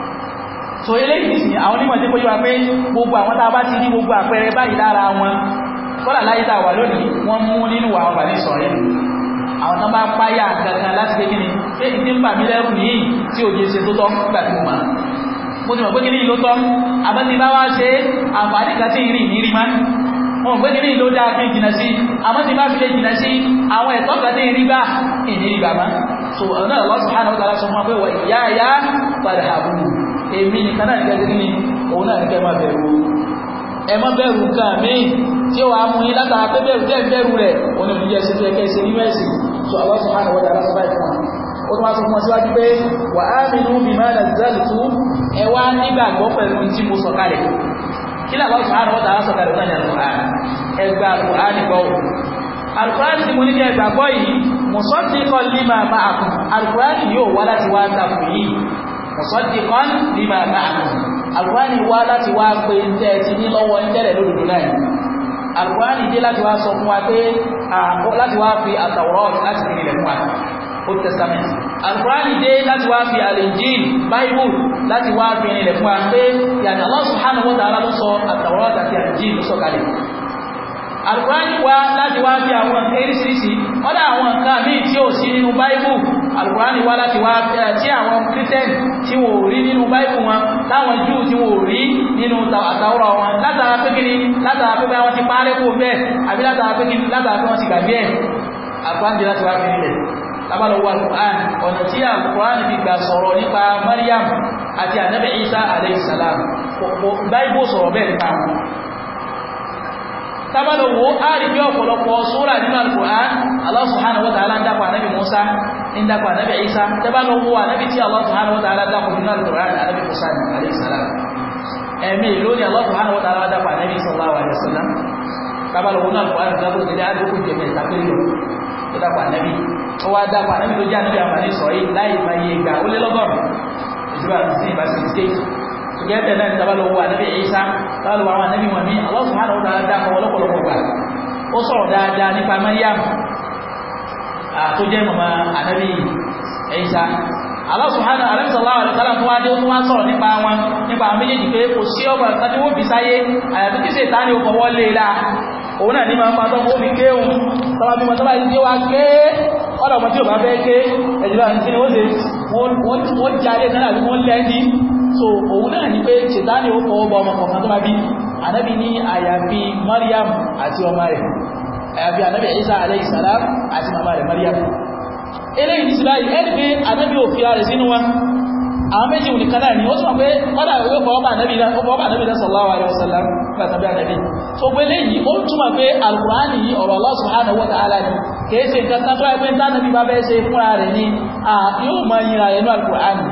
[SPEAKER 2] so eléyìí sì àwọn onímọ̀ tí kò yíwa pé gbogbo àwọn tá a bá ti ní gbogbo àpẹẹrẹ báyìí lára wọn kọ́là láyé tá a wà lónìí wọ́n mú nínú àwọn bàbí sọ̀rọ̀ yìí àwọn tán bá páyà gangan láti pé kíni pé ìdí ń bà mí lẹ́rù nìyí tí òye ṣe tó tọ́ gbà tí mo mà mo ti mọ̀ pé kíni ló tọ́ àbá ti bá wá ṣe àǹfààní kan tí ń rìn ní rí má mo mọ̀ pé kíni ló dáa kí n jìnà sí àmọ́ ti bá fi lè jìnà sí àwọn ẹ̀tọ́ kan tí ń rí bá ìní rí bàmá so ọ̀nà Allah subhanahu wa ta'ala sọ fún wa pé wà ìyá ìyá padà àbúrò èmi nìkan náà nìkan sí ní òun náà nìkan máa bẹ̀rù ẹ má bẹ̀rù kan míì tí ó wà mú yín látara pé bẹ̀rù jẹ́ bẹ̀rù rẹ̀ òun ni òjijì ẹsẹ̀ kẹ́kẹ́ sí nínú ẹ̀sìn tó Allah subhanahu wa ta'ala báyìí fún wa ó tún wá sọ fún wọn síwájú pé wa aminu bima nazzaltu ẹ wá nígbàgbọ́ pẹ̀lú tí mo sọ̀kalẹ̀ kí ni Allah subhanahu wa ta'ala sọ̀kalẹ̀ náà ní Al-Qur'an ẹ gba Al-Qur'an gbọ́ alukurani ni mo ní kí ẹ gbàgbọ́ yìí mùsọ́tì kan lè máa máa kù alukurani yóò wá láti wá ta fún yìí musaddiqan lima ma'akum alùpàdé wá láti wá pé ń tẹ́ ti ní lọ́wọ́ ń tẹ́lẹ̀ lódodo náà alùpàdé dé láti wá sọ fún wa pé láti wá fi àtàwọ̀rọ̀ láti fi nílẹ̀ fún wa old testament alùpàdé dé láti wá fi al-injil bible láti wá fi nílẹ̀ fún wa pé yàtọ̀ Allah subhanahu wa ta'ala ló sọ àtàwọ̀rọ̀ àti al-injil ló sọ kalẹ̀ alùpàdé wá láti wá fi àwọn oríṣiríṣi wọ́n àwọn nǹkan míì tí ò sí nínú bible alùkùránì wá láti wá eh, tí àwọn christian tí wọ́n rí nínú báìbù wọn láwọn jù tí wọ́n rí nínú àtàwọ̀rọ̀ wọn látara pé kí ni látara pé wọ́n ti parẹ́ kó bẹ́ẹ̀ àbí látara pé kí ni látara pé wọ́n ti gbàgbé ẹ̀ àgbáǹdé láti wá kiri rẹ̀ lábàlọ́wọ́ ọ̀nà tí alùkùránì fi gbà sọ̀rọ̀ nípa Maryam àti ànábì Isa alayhi salam báìbù tábàlò wo á rí bí ọ̀pọ̀lọpọ̀ sóra nínú Al-Qur'an Allah subhanahu wa ta'ala ń dákọ̀ ànábì Musa ń dákọ̀ ànábì Isa tábàlò wo ànábì tí Allah subhanahu wa ta'ala dákọ̀ nínú Al-Qur'an ànábì Musa ní alayhi salam ẹ̀mí lónìí Allah subhanahu wa ta'ala dákọ̀ ànábì sallallahu alayhi wa sallam tábàlò wo náà Al-Qur'an dákọ̀ nílẹ̀ àdókò gẹ́gẹ́ náà nígbà lọ wà níbi ìṣá lọ́wọ́ àwọn ànábì wọn ní Allah subhanahu wa ta'ala dákọ̀ ọlọ́pọ̀lọpọ̀ gbà ó sọ̀rọ̀ dáadáa nípa Maryam tó jẹ́ Allah subhanahu wa ta'ala tó wá dé tó wá sọ̀rọ̀ nípa wọn nípa àwọn méjèèjì pé kò sí ọgbà tàbí wọ́n fi sáyé àyàfi kí ṣe ìtaní okọ̀ wọ́n lé e la òun náà ní máa ń pa tọ́pọ̀ omi kéhùn tọ́bá bí mọ́tọ́bá ìdí wá so òun náà ní pé ṣètánì ó fọwọ́ bọ ọmọ kọ̀ọ̀kan tó bá bí ànábì ní àyàfi Maryam àti ọmọ rẹ̀ àyàfi ànábì Isa alayhi salam àti màmá rẹ̀ Maryam eléyìí ti síláyìí ẹni pé ànábì ò fi ara sínú wa àwọn méjì òní kan náà ni ó túnmọ̀ pé kọ́dà ìwé fọwọ́bà ànábì sallallahu alaihi wasallam pàtàkì ànábì so pé léyìí ó túnmọ̀ pé alkùránì yìí ọ̀rọ̀ Allah subhanahu wa ta'ala ni kèése nǹkan kan tó ẹgbẹ́ tánàbí bá bẹ́ẹ̀ ṣe fúnra rẹ̀ ni yóò mọ yìnra rẹ̀ ní alkùránì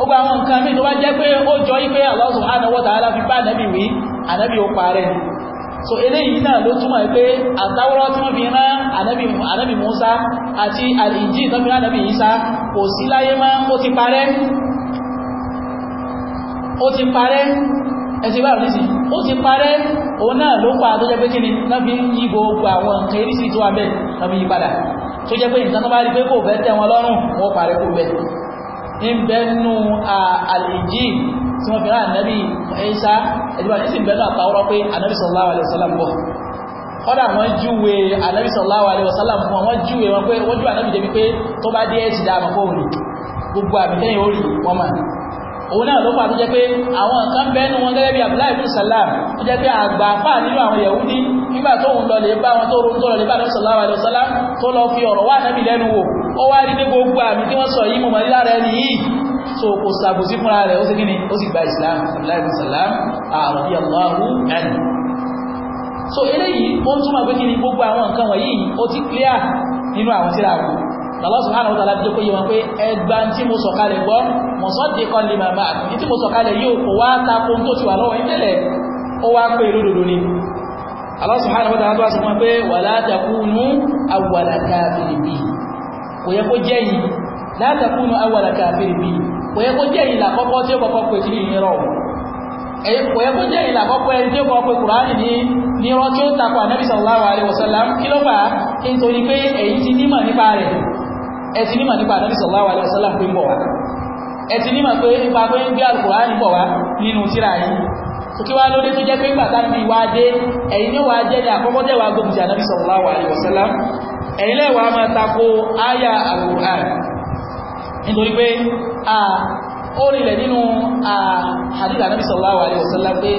[SPEAKER 2] ó gba àwọn nǹkan míì tó bá jẹ́ pé ó jọ ipé Allah subhanahu wa ta'ala fi bá ànábì wí ànábì ó parẹ́ so eléyìí náà ló túmọ̀ pé àtàwọ́rọ́ tí wọ́n fi rán ànábì Musa àti àlìjí tó fi rán ànábì Isa kò sí láyé mọ́ ó ti parẹ́ ó ti parẹ́ ẹ̀sìn bá rí ti parẹ́ òun náà ló pa tó jẹ́ pé kíni náà fi ń yí gbogbo àwọn nǹkan eréṣì tó wà bẹ́ẹ̀ náà fi yí padà tó jẹ́ pé nǹkan tó bá rí pé kò fẹ́ tẹ́ wọn lọ́rùn wọ́n parẹ́ ń bẹ nínú àlèjì tí wọ́n fi rán ànábì ẹ̀ṣá ẹ̀dùbà ní sì ń bẹ náà tàwọ́rọ́ pé ànábì sallallahu alaihi wasallam bọ̀ kọ́dà wọ́n júwe ànábì sallallahu alaihi wasallam fún wọn júwe wọn pé wọ́n júwe ànábì débi pé tó bá dé ẹ̀ṣì dáa mọ̀ fóònù òun náà ló fà tó jẹ́ pé àwọn nǹkan bẹ́ẹ̀nu wọn gẹ́gẹ́ bí Abdullahi ibn Salam tó jẹ́ pé àgbà nínú àwọn Yahudi nígbà tó ń lọ lè bá wọn tó rún lọ lè bá sallallahu alaihi tó lọ fi ọ̀rọ̀ wà nábì lẹ́nu wò ó wá rí ní gbogbo àmì tí wọ́n sọ so kò sàbòsí fúnra rẹ̀ ó sì kí Islam Abdullahi ibn Salam radiyallahu anhu Allah subhanahu wa ta'ala jẹ́ kó yé wọn pé ẹgbà tí mo sọ̀kalẹ̀ gbọ́ musaddiqan lima ma'akum tí mo sọ̀kalẹ̀ yóò kò wá tako tó ti wà lọ́wọ́ ìtẹ́lẹ̀ ó wá pé lódòdó ni Allah subhanahu wa ta'ala tó wá sọ wọn pé wala takunu awwala kafirin bi kò yẹ kó jẹ́ yìí la takunu awwala kafirin bi kò yẹ kó jẹ́ yìí làkọ́kọ́ tí ó kọ́kọ́ pè sí ìrọ̀ kò yẹ kó jẹ́ yìí làkọ́kọ́ ẹni tí ẹ̀tì nímọ̀ nípa ànábì sallallahu alaihi wasallam pé ń bọ̀ wá ẹ̀tì nímọ̀ pé nípa pé ń gbé Al-Qur'an ń bọ̀ wá nínú tírà yìí tó kí wá lóde tó jẹ́ pé ńgbà tábí wá dé ẹ̀yin ní wàá jẹ́ ní àkọ́kọ́ jẹ́ wàá gbógun ti ànábì sallallahu alaihi wasallam ẹ̀yin lẹ́wà máa tako áyà Al-Qur'an nítorí pé ó rinlẹ̀ nínú hadith ànábì sallallahu alaihi wasallam pé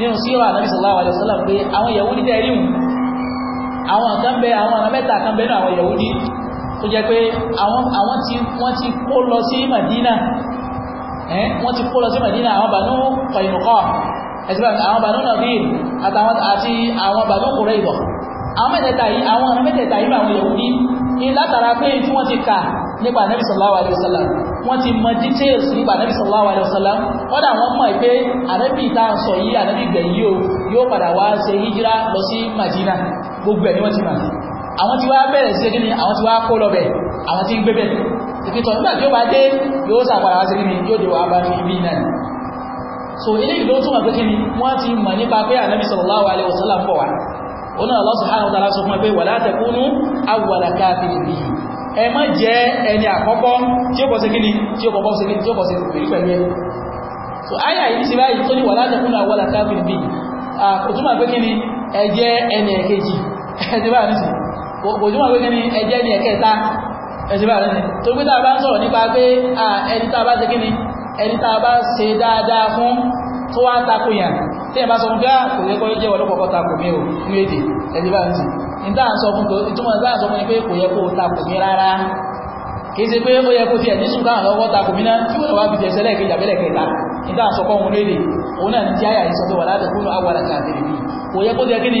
[SPEAKER 2] nínú síra ànábì sallallahu alaihi wasallam pé àwọn Yahudi tẹ́ rí àwọn kan bẹ àwọn mẹ́ta kan bẹ náà tó jẹ́ pé àwọn tí wọ́n ti kó lọ sí Madina ẹ́ wọ́n ti kó lọ sí Madina àwọn Banu Qainuqa ẹ̀sìnkú àwọn Banu Nadir àti àwọn Banu Qurayza àwọn mẹ́tẹ̀ẹ̀ta yìí àwọn ọ̀nà mẹ́tẹ̀ẹ̀ta yìí àwọn Yahudi ní látara pé tí wọ́n ti kà nípa Nabi sallallahu alaihi wasallam wọ́n ti mọ details nípa Nabi sallallahu alaihi wasallam kọ́dà wọ́n mọ̀ pé ànábì tá à ń sọ yìí ànábì gbẹ̀yìn yóò padà wá ṣe hijira lọ sí Madina gbogbo ẹ̀ ni wọ́n ti mọ̀ àwọn tí wá bẹ̀rẹ̀ sí gíní àwọn tí wá kó lọ bẹ̀ àwọn tí ń gbé bẹ̀ ìpìtọ̀ nígbà tí ó bá dé yóò sàpàdà wá sí gíní yóò dé wà bá fi bí náà so ilé ìlú túnmọ̀ pé kíni wọ́n ti mọ̀ nípa pé ànábì sallallahu alaihi wasallam bọ̀ wá ó náà Allah subhanahu wa ta'ala sọ fún pé wala takunu awwala kafirin bihi ẹ má jẹ́ ẹni àkọ́kọ́ tí ó kọ́ sí kíni tí ó kọ́ sí kíni tí ó kọ́ sí kíni pẹ̀lú ẹ so àyà yìí ti báyìí tó ní wala takunu awwala kafirin bihi kò túnmọ̀ pé kíni ẹ jẹ́ ẹni ẹ̀kejì ẹ ti báyìí kò túnmọ̀ pé kí ni ẹjẹ́ ní ẹ̀kẹta ẹ̀sìnbà rẹ̀ tó gbé tàbá ń sọ̀rọ̀ nípa pé ẹni tàbá ṣe kí ni ẹni tàbá ṣe dáadáa fún tó wá takòyàn tí ẹ bá sọ fún bí kò yẹ kó jẹ́ ọlọ́pọ̀pọ̀ takò mí o ní èdè ẹ̀sìnbà rẹ̀ sí ìta sọ fún tó ìtumọ̀ ìta sọ fún ni pé kò yẹ kó takò mí rárá kìí ṣe pé ó yẹ kó tiẹ̀ ní sùn káwọn lọ́wọ́ takò mí náà tí wọ́n wá fi tẹ̀sẹ̀ lẹ́ẹ̀kejì àbẹ́lẹ̀ kẹta ìta sọ fún òun léde òun náà ti àyà ìsọ pé wà látẹ̀kùnú àwọn àlàkà àtẹ̀lẹ̀ bí kò yẹ kó jẹ́ kí ni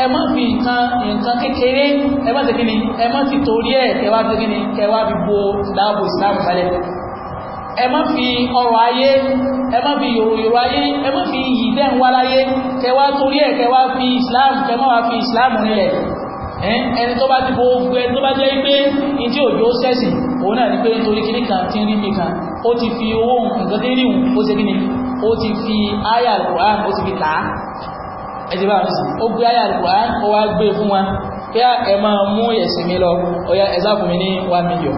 [SPEAKER 2] ẹ má fi nǹkan nǹkan kékeré ẹ má tẹ́kí ni ẹ má ti torí ẹ̀ kẹwàá tẹ́kí ni kẹwàá fi bo dáàbò ìsìláàmù kalẹ̀ ẹ má fi ọrọ̀ ayé ẹ má fi yòròyòrò ayé ẹ má fi yìí dẹ́ ń wá láyé kẹwàá torí ẹ̀ kẹwàá fi ìsìláàmù kẹwàá fi ìsìláàmù nílẹ̀ ẹni tó bá ti bo ogun ẹni tó bá jẹ́ pé ní tí òjò sẹ́sì òun náà ni pé nítorí kí ní kan tí ń rí mi kan ó ti fi owó nǹkan tí ń rí òun ó ṣe ti fi áyà al ó ti fi tàá ẹ̀dì bá rẹ̀ ó gbé ayà Al-Qur'an ó wá gbé fún wa kí á ah, ẹ máa mú ẹ̀sìn mi lọ ọya ẹ̀sá fún mi ní 1 million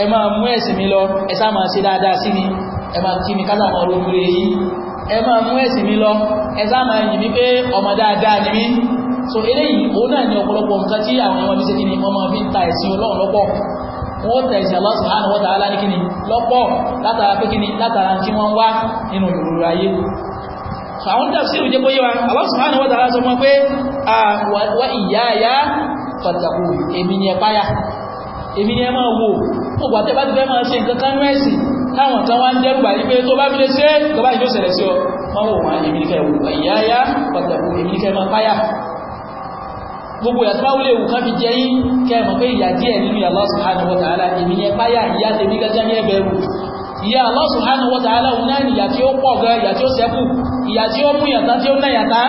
[SPEAKER 2] ẹ máa mú ẹ̀sìn mi lọ ẹ̀sá so eléyìí òun náà ni ọ̀pọ̀lọpọ̀ nǹkan tí àwọn ẹ̀wọ̀n fi ni wọ́n máa fi ń ta ẹ̀sìn Ọlọ́run lọ́pọ̀ wọ́n tẹ̀ sí Allah subhanahu wa ta'ala ní kíni lọ́pọ̀ látara pé kíni látara tí wọ́n wá nínú ìrora ayé sàwọn tafsíru jẹ́ kóyíwa Allah subhanahu wa ta'ala sọ mọ́ pé wa iyaya fattaqun èmi ni ẹ páyà èmi ni ẹ máa wò ó gbà tẹ́ bá ti fẹ́ máa ṣe nǹkan kánú ẹ̀sìn táwọn kan wá ń dẹ́rù bà wípé tó bá fi lè ṣe tó bá ìjó ṣẹlẹ̀ sí ọ máa wò wọn èmi ni kẹ́ wò wa iyaya fattaqun èmi ni kẹ́ máa páyà gbogbo ìyà tó bá wúlé ìwùkán fi jẹ yín kẹmọ̀ pé ìyà díẹ̀ nínú Allah subhanahu wa ta'ala èmi ni ẹ páyà ìyá tèmi ní ẹbẹ̀rù ìyá Allah subhanahu wa ta'ala òun náà nìyà tí ó pọ̀ gan ìyà tí ó ṣẹ́kù ìyà tí ó mú yàtá tí ó ná yàtá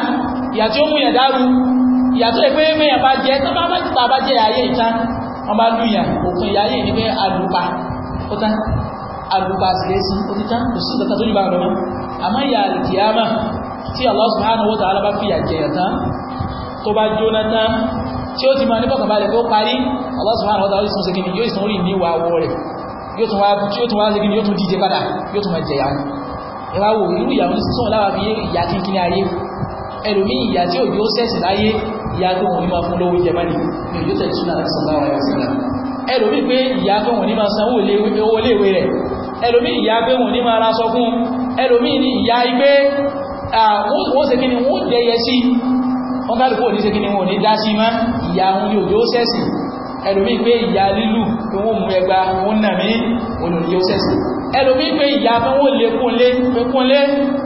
[SPEAKER 2] ìyà tí ó mú yàtá rú ìyà tó yẹ pé mẹ́yàn bá jẹ́ tó bá bá ti tàbá jẹ́ ayé ìta wọ́n bá lù yà òpin ìyà ayé nígbẹ́ àlùpà ó tán àlùpà sílẹ̀sí ó kò sí ìtàtà tó yìnbà Allah subhanahu wa ta'ala bá fi yà jẹ yàtá tó bá jóná tán tí ó ti Allah subhanahu wa ta'ala yóò sọ kí ni yóò sọ orí ní ìwà wọ rẹ̀ yóò tún wá sí ẹwàwò irú ìyàwó sísùn láwà bí ìyà tí kí ní ayé ẹlòmí ìyà tí òjò sẹ́sì láyé ìyà tó wọ́n ní máa fún lówó jẹmọ́ni ní òjò tẹ̀lé súnà láti sọ́lá wáyé sí náà ẹlòmí pé ìyà tó wọ́n ní máa sanwó owó léèwé rẹ̀ ẹlòmí ìyà pé wọ́n ní máa raṣọ fún ẹlòmí ní ìyà ipé wọ́n ṣe ni wọ́n jẹyẹ sí wọ́n kálukú òní ṣe kí ni wọ́n ní dá sí mọ́ ẹlòmí pé ìyá lílù tí wọ́n mú ẹgbà wọ́n nà mí olùdí ó sẹ́sì ẹlòmí pé ìyá tó wọ́n lè kúnlé pé kúnlé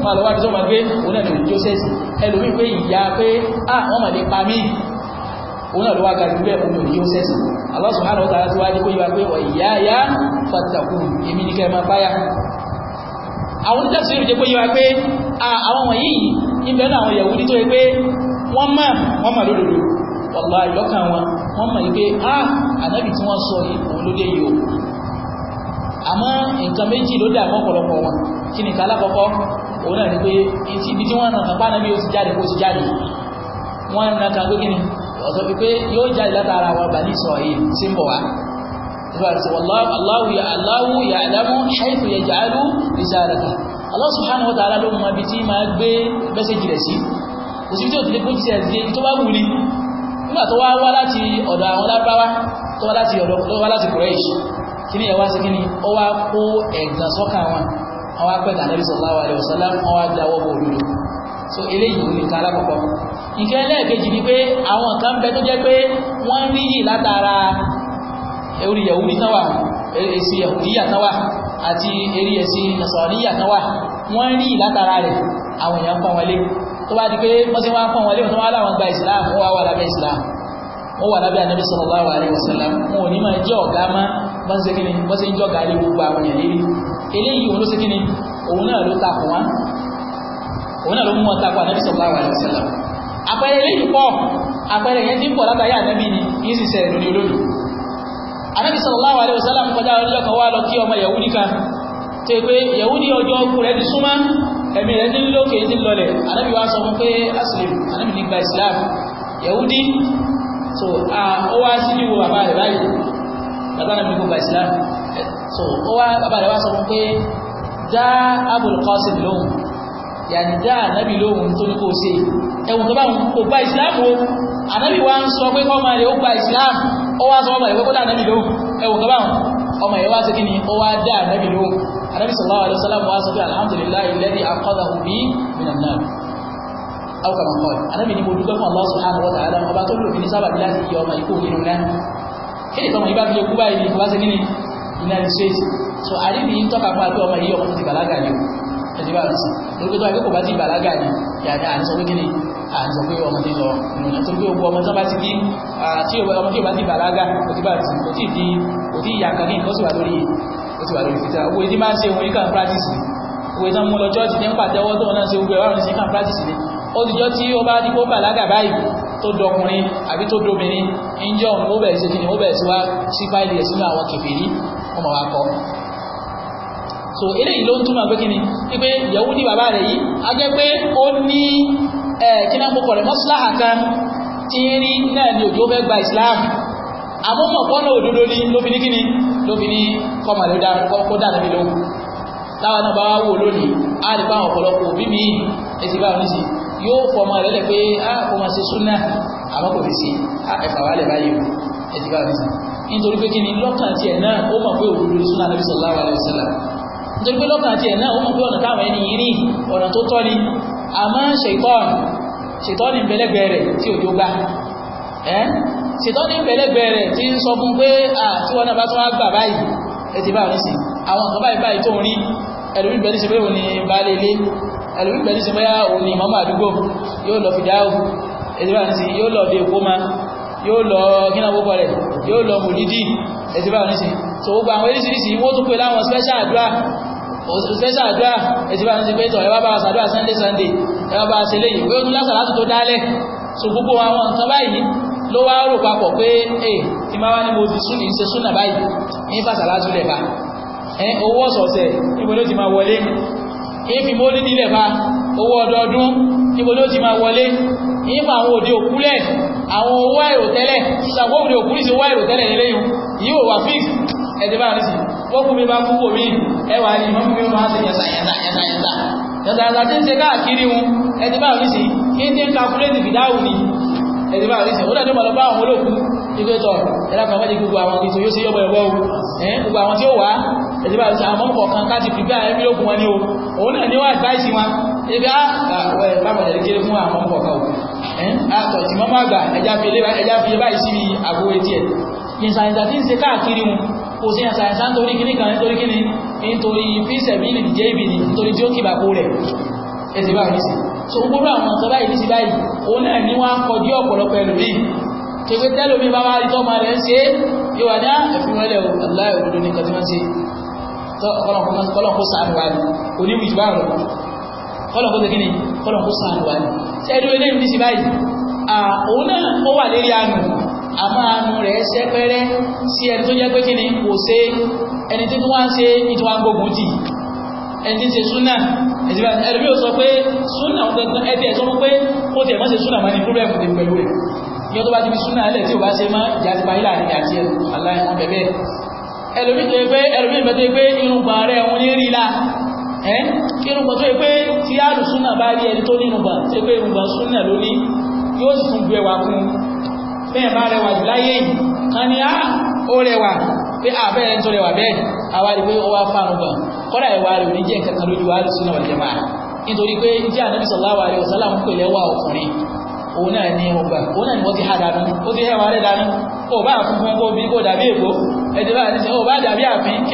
[SPEAKER 2] pàlọ́wà tó máa gbé wọ́n nà olùdí ó sẹ́sì ẹlòmí pé ìyá pé à wọ́n mà lè pa mí òun náà ló gàrí bẹ́ẹ̀ olùdí ó sẹ́sì Allah ya fatakun èmi ní kẹ́ máa báyà àwọn tẹ́sí ìrìnjẹ́ wọ́n mọ̀ wọ́n ọ̀la ìlọ́kàn wọn wọ́n mọ̀ a ah, ànábì tí wọ́n sọ ìpò olóde yìí o àmọ́ nǹkan méjì ló dà mọ́pọ̀lọpọ̀ wọn kí nìkan alákọ̀ọ́kọ́ òun náà ni pé ibi tí wọ́n ràn kápá náà bí ó ti jáde kó ti jáde wọ́n ràn kan pé kíni ọ̀sọ́ pé yóò jáde látara ní sọ yìí tí ń bọ̀ wá Allah wa ta'ala ló mọ nígbà tó wá wá láti ọ̀dọ̀ àwọn lábáwá tó wá láti ọ̀dọ̀ tó wá láti Quraysh kí ni ẹ̀wá sí kí ni ó wá kó ẹ̀gbà sọ́kà wọn àwọn apẹ́ta Nabi sallallahu alaihi so eléyìí ní ni pé àwọn kan bẹ tó jẹ́ pé wọ́n rí yìí látara orí yahudi tán wà yahudiya tán wà àti eré èsì nasaraniya tán wà wọ́n rí yìí látara tó bá di pé wọ́n ti wá pọ̀ wọn lé wọn tó wá láwọn gba islam wọ́n wá wà lábẹ́ islam wọ́n wà lábẹ́ anabi sallallahu alaihi wasallam wọn ò ní máa jẹ́ ọ̀gá má bọ́n ṣe kí ni bọ́n ṣe ń jọ́ gàlẹ́ gbogbo àwọn èèyàn lérí eléyìí òun ló ṣe kí ni òun náà ló takò wọn òun náà ló mú wọn takò anabi sallallahu alaihi wasallam àpẹẹrẹ eléyìí pọ̀ àpẹẹrẹ yẹn ti ń pọ̀ látàrí anabi ni yìí sì sẹ̀rẹ̀ lórí olódò anabi sallallahu alaihi wasallam kọjá ọlọ́kọ̀ wá lọ kí ọmọ yahudi kan tó yẹ pé yahudi ọjọ́ ọkùnrin ti súnmọ́ ẹ̀mí rẹ̀ ti ń lókè ti ń lọlẹ̀ anábì wá sọ fún pé aslim anábì nígbà islam yahudi so ó wá sí níwò bàbá rẹ̀ báyìí bàbá rẹ̀ nígbà islam so ó wá bàbá rẹ̀ wá sọ fún pé dá abul qasim lóhùn yàní dá anábì lóhùn tó ní kò ṣe ẹ̀wùn tó bá kò gba islam o anábì wá ń sọ pé kọ́ máa rẹ̀ ó gba islam ọmọ ìwá sí kí ni ó wá dá ànábì ló ànábì sallallahu alaihi wasallam wá sọ pé alhamdulillahi alladhi anqadhahu bi minan nar aw kama qala ànábì ni mo dúpẹ́ fún Allah subhanahu wa ta'ala ọba tó lò mí ní sábàbí láti yọ ọmọ ikú nínú náà kí ni tọmọ ẹ̀sìn bá sí lórí tó àgbẹ̀kọ̀ bá ti bàlágà ni yàrá àníṣọ pé kíni àníṣọ pé ọmọdé lọ ìrìnà tó gbé ogun ọmọ tó bá ti di tí ọmọ tí ó bá ti bàlágà kò ti bá ti kò ti di kò ti yà kan ní nǹkan sì wà lórí ó ti wà lórí fìtà owó ìdí máa ń ṣe ohun yìí kan practice ni owó ìdí mú lọ church ní pàtẹ́wọ́ tó náà ṣe gbogbo ẹ̀wà rẹ̀ sí kan practice ni ó ti jọ tí ó bá di kó bàlágà báyìí tó dọkùnrin àbí tó dobìnrin ń jọ òun ó bẹ̀rẹ̀ sí kí ni ó bẹ̀rẹ̀ sí wá sí fáìlì ẹ̀ àwọn kèfèrí ọmọ wa kọ́ so eléyìí ló ń túmọ̀ pé kíni wípé Yahudi bàbá rẹ̀ yìí a jẹ́ pé ó ní kíná kókò rẹ̀ mọ́síláhà kan tí ń rí náà ní òjò fẹ́ gba Islam àmọ́mọ̀pọ́nà òdodo ní ló fi ní kíni ló fi ní kọmọ̀ ló dá níbi lóhùn táwọn náà bá wá wò lónìí á lè bá ọ̀pọ̀lọpọ̀ òbí mi èsì bá wọn sí yóò fọmọ rẹ̀ pé á ah, kò máa ṣe súnà náà ó mọ̀ pé òdodo súnà Nabi sallallahu alaihi wasallam nítorí pé lọ́kàn àti ẹ̀ náà ó mọ̀ pé ọ̀nà táwọn ẹni yìí rí ọ̀nà tó tọ́ ni àmọ́ ṣètọ́ọ̀nù ṣètọ́ọ̀nù ìbẹ̀lẹ́gbẹ̀ rẹ̀ tí òjò gbà ẹ́ ṣètọ́ọ̀nù ìbẹ̀lẹ́gbẹ̀ rẹ̀ tí ń sọ fún pé àti wọn náà bá tún wá gbà báyìí ẹ ti bá wọn sí àwọn nǹkan báyìí báyìí tó ń rí ẹlòmí bẹ̀rẹ̀ sí pé òun ni baálé ilé ẹlòmí bẹ̀rẹ̀ sí pé àwọn eréṣìíríṣìí wó tó pé láwọn special àdúrà òṣìṣẹ́ sàdúrà ẹ̀sìn bá ń ti pẹ́tọ̀ ẹwà bá wa sàdúrà sunday sunday ẹwà bá wa ṣe léyìn pé ó tún lásà láti tó dálẹ̀ so gbogbo àwọn nǹkan báyìí ló wá rò papọ̀ pé ẹ ti máa wá ní mo ti sún ní ṣe súnà báyìí ní fàṣà láti lẹ̀ bá ẹ owó ọ̀sọ̀ọ̀sẹ̀ níbo ló ti máa wọlé èéfì mo ní nílẹ̀ bá owó ọdọọdún níbo ló ti máa wọlé ìmọ̀ àwọn òde òkúlẹ̀ àwọn owó àìròtẹ́lẹ̀ ṣàgbọ́n òde òkúlẹ̀ sí owó àìròtẹ́lẹ̀ nílẹ̀ wọ́pù mi bá púpọ̀ mi ẹwà ní mọ́mú mi máa ṣe yẹta yẹta yẹta yẹta yẹta yẹta tí ń ṣe káàkiri wọn ẹni bá rí sí kí ń tí ń kàkúrẹ́tì fìdáwù ni ẹni bá rí sí ó dàdó bàlọ́ bá àwọn olókùn ìgbé tọ̀ ẹ̀rọ kan mẹ́jì gbogbo àwọn ìṣòyó sí yọ́bọ̀ ẹ̀wọ́ ẹ̀hún gbogbo àwọn tí ó wà ẹ̀dí bá ṣe àwọn ọmọ kan káti pìpẹ́ àyẹ́bí lókun o òun náà ni wọ́n àgbáìsì wọn ebi ah, ah, àwọ̀ ah, ẹ̀ bábọ̀ ẹ̀rẹ́ ń ṣe káàkiri wọn kò sí àṣà àṣà nítorí kíní kan nítorí kíní nítorí fíṣẹ̀bílì jẹ́ ìbì ní nítorí tí ó kì bàbó rẹ̀ ẹ̀sìn bá rí sí so gbogbo àwọn nǹkan báyìí ní sí báyìí ó náà ní wọ́n kọjú ọ̀pọ̀lọpọ̀ ẹlòmíì tẹgbẹ́ tẹ́lòmíì bá wá rí tọ́mọ rẹ̀ ń ṣe yóò wá ní ẹ̀fìn wọlé aláì òdodo ní kan tí wọ́n ṣe kọ́lọ̀kọ́ sàánù wa ni oníwì jù báwọn kọ́lọ̀kọ́ tẹ́ kíni kọ́lọ̀kọ́ sàánù wa ni ṣẹ́ẹ́dúró lẹ́yìn ní sí báyìí òun náà ó wà lérí àánú àmáàánú rẹ̀ sẹ́pẹ́rẹ́ sí ẹni tó jẹ́ pé kí ni kò ṣe ẹni tí wọ́n ṣe ìtò agbógun tì ẹni tí ṣe súnà ẹ̀rẹ́bí ò sọ pé súnà ọ̀gbẹ̀gbẹ̀ ẹ̀dẹ̀ ẹ̀sọ́ pé ó tẹ̀ mọ́ ṣe súnà máa ní púrẹ́mù ní pẹ̀lú rẹ̀ yọ́ tó bá ti fi súnà ẹlẹ̀ tí ò bá ṣe mọ́ ìjà ti báyìí láàrin àti ẹ̀rù aláìmọ́ bẹ̀bẹ̀ ẹlòmí tó yẹ pé ẹlòmí ìbẹ̀tẹ̀ pé irùngbọ̀n rẹ̀ òun ní rí la kí irùngbọ̀n tó yẹ pé tí àrùn súnà bá rí ẹni tó ní irùngbọ̀n tó yẹ pé irùngbọ̀n súnà lónìí yóò sì tún bẹ́ẹ̀ bá rẹwà jù láyé kan ni á ó rẹwà pé àbẹ́rẹ́ tó rẹwà bẹ́ẹ̀ àwa rí pé ó wá fáànù gan kọ́dà ìwà rẹ̀ ò ní jẹ́ kankan lójú wa rí sínú ọ̀jẹ̀ máa nítorí pé jẹ́ ànábì sallallahu alaihi wasallam ń pè lẹ́wà ọkùnrin òun náà ni ọgbà òun náà ni wọ́n ti há dànù ó ti hẹ́wà rẹ̀ dànù ó bá fún fún kó bí kó dàbí èkó ẹ̀dẹ̀ bá ní sẹ́ ó dàbí àfin kí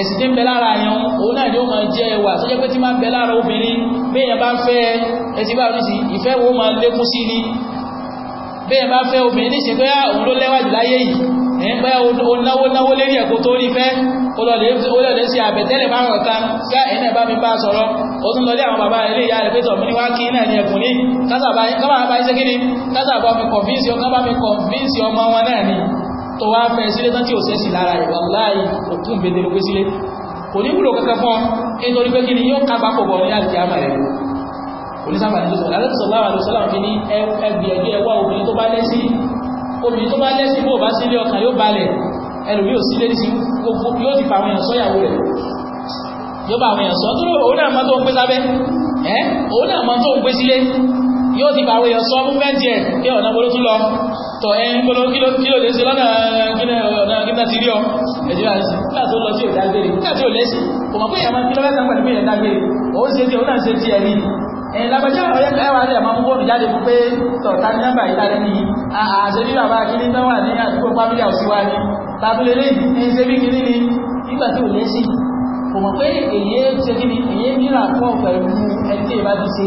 [SPEAKER 2] ẹ̀sìn tí ń bẹ lára àyàn òun náà ni ó máa jẹ́ ẹwà tó jẹ́ pé tí máa bẹ lára obìnrin béèyàn bá fẹ́ ẹ̀sìn bá rí sí ìfẹ́ wo máa lékún sí ni béèyàn bá fẹ́ obìnrin ní ìsìnkú ah, òun ló lẹ́wà jù láyé yìí ẹ̀yìnpẹ́ ah, onáwó náwó lérí ẹ̀kọ́ tó rí fẹ́ olóòlẹ̀ sí àbẹ̀tẹ́lẹ̀ bá rọ̀ kan ká ẹ̀nà ẹ̀bá mi bá sọ̀rọ̀ ó tún lọlé àwọn bàbá ilé ìyá rẹ̀ pẹ́tọ̀ mí wá kí ni tó wá fẹ́ sílé tán tí ò sẹ́sì lára ìwà láì òkú ìbẹ̀dẹ̀rẹ̀ pé sílé kò ní wúlò kankan fún ẹ nítorí pé kí ni yóò kápá pọ̀ bọ̀ ní àti àmà rẹ̀ onísàmà ní sọ̀rọ̀ alẹ́ sọ̀rọ̀ àwọn àlùsọ̀rọ̀ fi ní ẹgbẹ̀ẹ́gbẹ̀ ẹwà obìnrin tó bá lẹ́sí obìnrin tó bá lẹ́sí bó bá sílé ọkàn yóò balẹ̀ ẹlòmí ò sílé sí yóò ti fàwọn èèyàn sọ́yàwó rẹ̀ yóò bá àwọn èèyàn sọ́ tó òun náà mọ́ tó ń gbé sábẹ́ òun náà yóò ti bàwé yọ sọ múfẹ́ntì ẹ̀ kí ọ̀nà gbolo tún lọ tọ̀ ẹ gbolo kílò lè ṣe lọ́nà gíná ti rí ọ nàìjíríà nígbà tó lọ sí ò dágbére nígbà tí ò lẹ́sì kò mọ̀ pé ìyàmọ́ kí lọ́fẹ́ sàpẹ̀lú pé ìyẹn dágbére òun ṣe tí òun náà ṣe tí ẹ̀rí ẹ̀ lábẹ́jọ́ ọ̀yẹ́ ẹwà rẹ̀ máa mú bọ́ọ̀lù jáde fún pé tọ̀ta ní nọ́mbà ìtàlẹ́ ní àṣẹ bí bàbá kí ní tánwà ní àdúgbò pàmílì àwòsíwá ní tàbílẹ̀ lè ní ṣe bí kí ní ní nígbà tí ò lẹ́sì kò mọ̀ pé èyí ṣe kí ni èyí mìíràn pọ̀ pẹ̀lú ẹni tí ìbá ti ṣe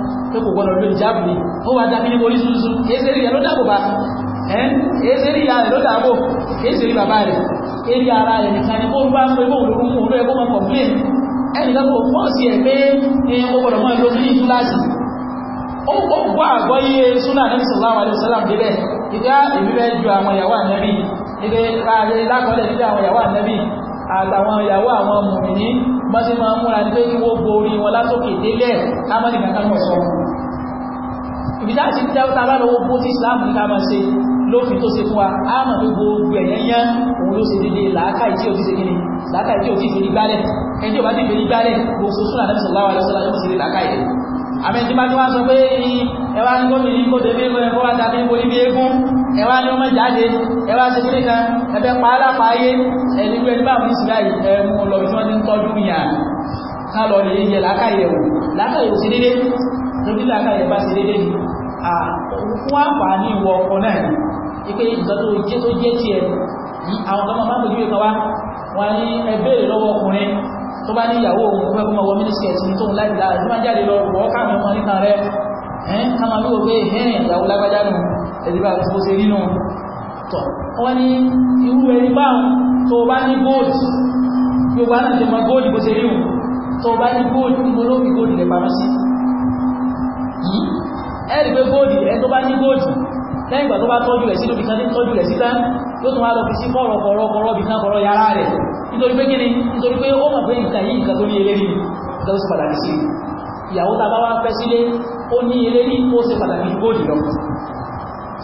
[SPEAKER 2] pé kò gbọ́dọ̀ lórí jáàbù ni ó wá dábí ní orí súnsú kéèsèrí rẹ̀ ló dáàbò bá kéèsèrí ìyá rẹ̀ ló dáàbò kéèsèrí bàbá rẹ̀ eré ara rẹ̀ nìkan ni bóun bá ń pè bóun lókun òun lóye kó mọ kọ̀m̀plẹ̀n ẹnì kan kò pọ̀ sí ẹ̀ pé ó gbọ́dọ̀ mọ́ ló ní túláàsì ó bá ṣe máa múra ní pé kí wọ́n borí wọn látòkè délẹ̀ lábàdì kankan mọ̀ sọ ibi tá ti tẹ́ ta bá lọ́wọ́ bó tí Islam ní ká máa ṣe lófin tó ṣe fún wa á ti ṣe gíní làákàí tí ò ti fi ní gbálẹ̀ ẹni tí ò bá ti fi ní gbálẹ̀ gbogbo sọ́nà àdábìsọ̀láwà lọ́sọ́lá yóò àmẹ́tí bá tí wá sọ pé ẹwà ní gómìnà kò dé bí ẹgbẹ́ wá tàbí orí bí eégún ẹwà ní ọmọ jáde ẹwà sí pé kan ẹbẹ́ pàálápàáyé ẹni pé ẹni bá mú sí láì ẹmú lọ bí wọ́n ti ń tọ́jú ìyà ká lọ lè yẹ lákàyè wò lákàyè sí dédé lórí lákàyè bá sí dédé fún àǹfààní ìwọ ọkọ náà ipé ìjọdó jẹ́ tó jẹ́ tiẹ̀ àwọn ọmọ máa ń bójú ìkan wá wọn ẹgbẹ́ ìlọ́wọ́ ọkùnrin tó bá ní ìyàwó òun tó mẹ́kún ọwọ́ mínísítẹ̀ẹ̀tì tó ń láì láàrín máa jáde lọ rọ̀ káàmì ọmọ nípa rẹ̀ ẹ̀ẹ́n káàmà ló pé ẹ̀ẹ́n ìyàwó lágbájá nù ẹ̀dìbà tó ṣe rí nù tọ̀ wọ́n ní irú ẹni báhùn tó bá ní gold yóò bá náà ti mọ gold bó ṣe ríhùn tó lẹ́yìn ìgbà tó bá tọ́jú rẹ̀ sínú ibìkan tí ń tọ́jú rẹ̀ síta yóò tún wá lọ fi sí kọ́rọ̀ kọ́rọ̀ kọ́rọ̀ ibìkan kọ́rọ̀ yàrá rẹ̀ nítorí pé kíni nítorí pé ó mọ̀ pé nǹkan yìí nǹkan tó ní eléyìí nǹkan tó sì pàtàkì sí ìyàwó ta bá wá fẹ́ sílé ó ní eléyìí ó ṣe pàtàkì ju góòdì lọ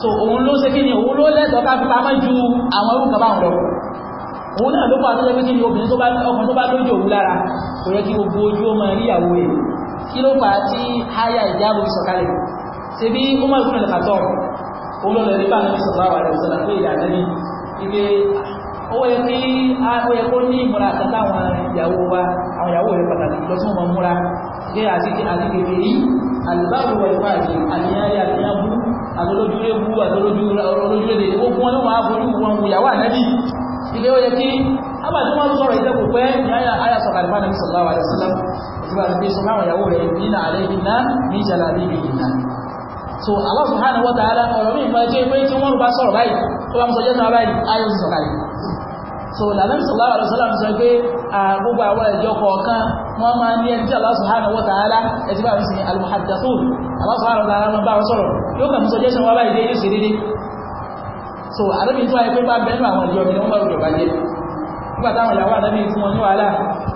[SPEAKER 2] so òun ló ṣe kíni òun ló lẹ́tọ̀ọ́ ká fi pamọ́ ju àwọn irú kan báwọn lọ òun náà ló kọ́ àtọ́jọ́ pé kíni obìnrin tó bá ọkùnrin tó bá lójú òun lára kò yẹ kí gbogbo ojú ó máa rí ìyàwó rẹ̀ kí ló fà á tí háyà ìjábọ̀ ìsọ̀kalẹ̀ ṣe bí ó máa gbọ́nà lè fàtọ́ olóòlẹ̀ nípa ní sallallahu alaihi wasallam pé ìyá nẹ́bí ibi ah, ó yẹ kí ó yẹ kó ní ìmúra àtàtà àwọn ìyàwó wa àwọn ìyàwó rẹ̀ pàtàkì lọ sí wọn múra pé àti kèfè yìí àlùbáàbò wà ìfà àti àníyàrí àníyàbú àtolójúlé bú àtolójúlé ogun wọn wọn abojú wọn wù ìyàwó ànẹ́bí ibi ó yẹ kí abàtí wọn sọ̀rọ̀ ìjẹ́ kò pẹ́ ìyáyà ayàsọ̀ kàlùfà nàbí sallallahu alaihi wasallam ìfà àti pé sọ fáwọn ìyàwó rẹ̀ nínà àlẹ́ ìdínà so Allah subhanahu wa ta'ala ọ̀rọ̀ mi máa jẹ́ pé tí wọ́n bá sọ̀rọ̀ báyìí bá mú báyìí ayọ́ sọ̀rọ̀ báyìí so lànàmì sallallahu alaihi wasallam sọ pé gbogbo àwọn ẹ̀jọ́ kọ̀ọ̀kan wọ́n máa ní ẹni tí Allah subhanahu wa ta'ala ẹ̀tí bá wọn sí al-muhaddathun Allah subhanahu wa ta'ala máa bá so àdébí tó ayé pé bá bẹ́ẹ̀ nínú àwọn ìjọ mi ni wọ́n bá rújọ bá jẹ́ nígbà táwọn ìyàwó àdébí tí wọ́n ní wàhálà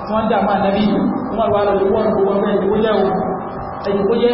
[SPEAKER 2] tí wọ́n dààmú àdébí wọ́n wà lọ́wọ́ jẹ́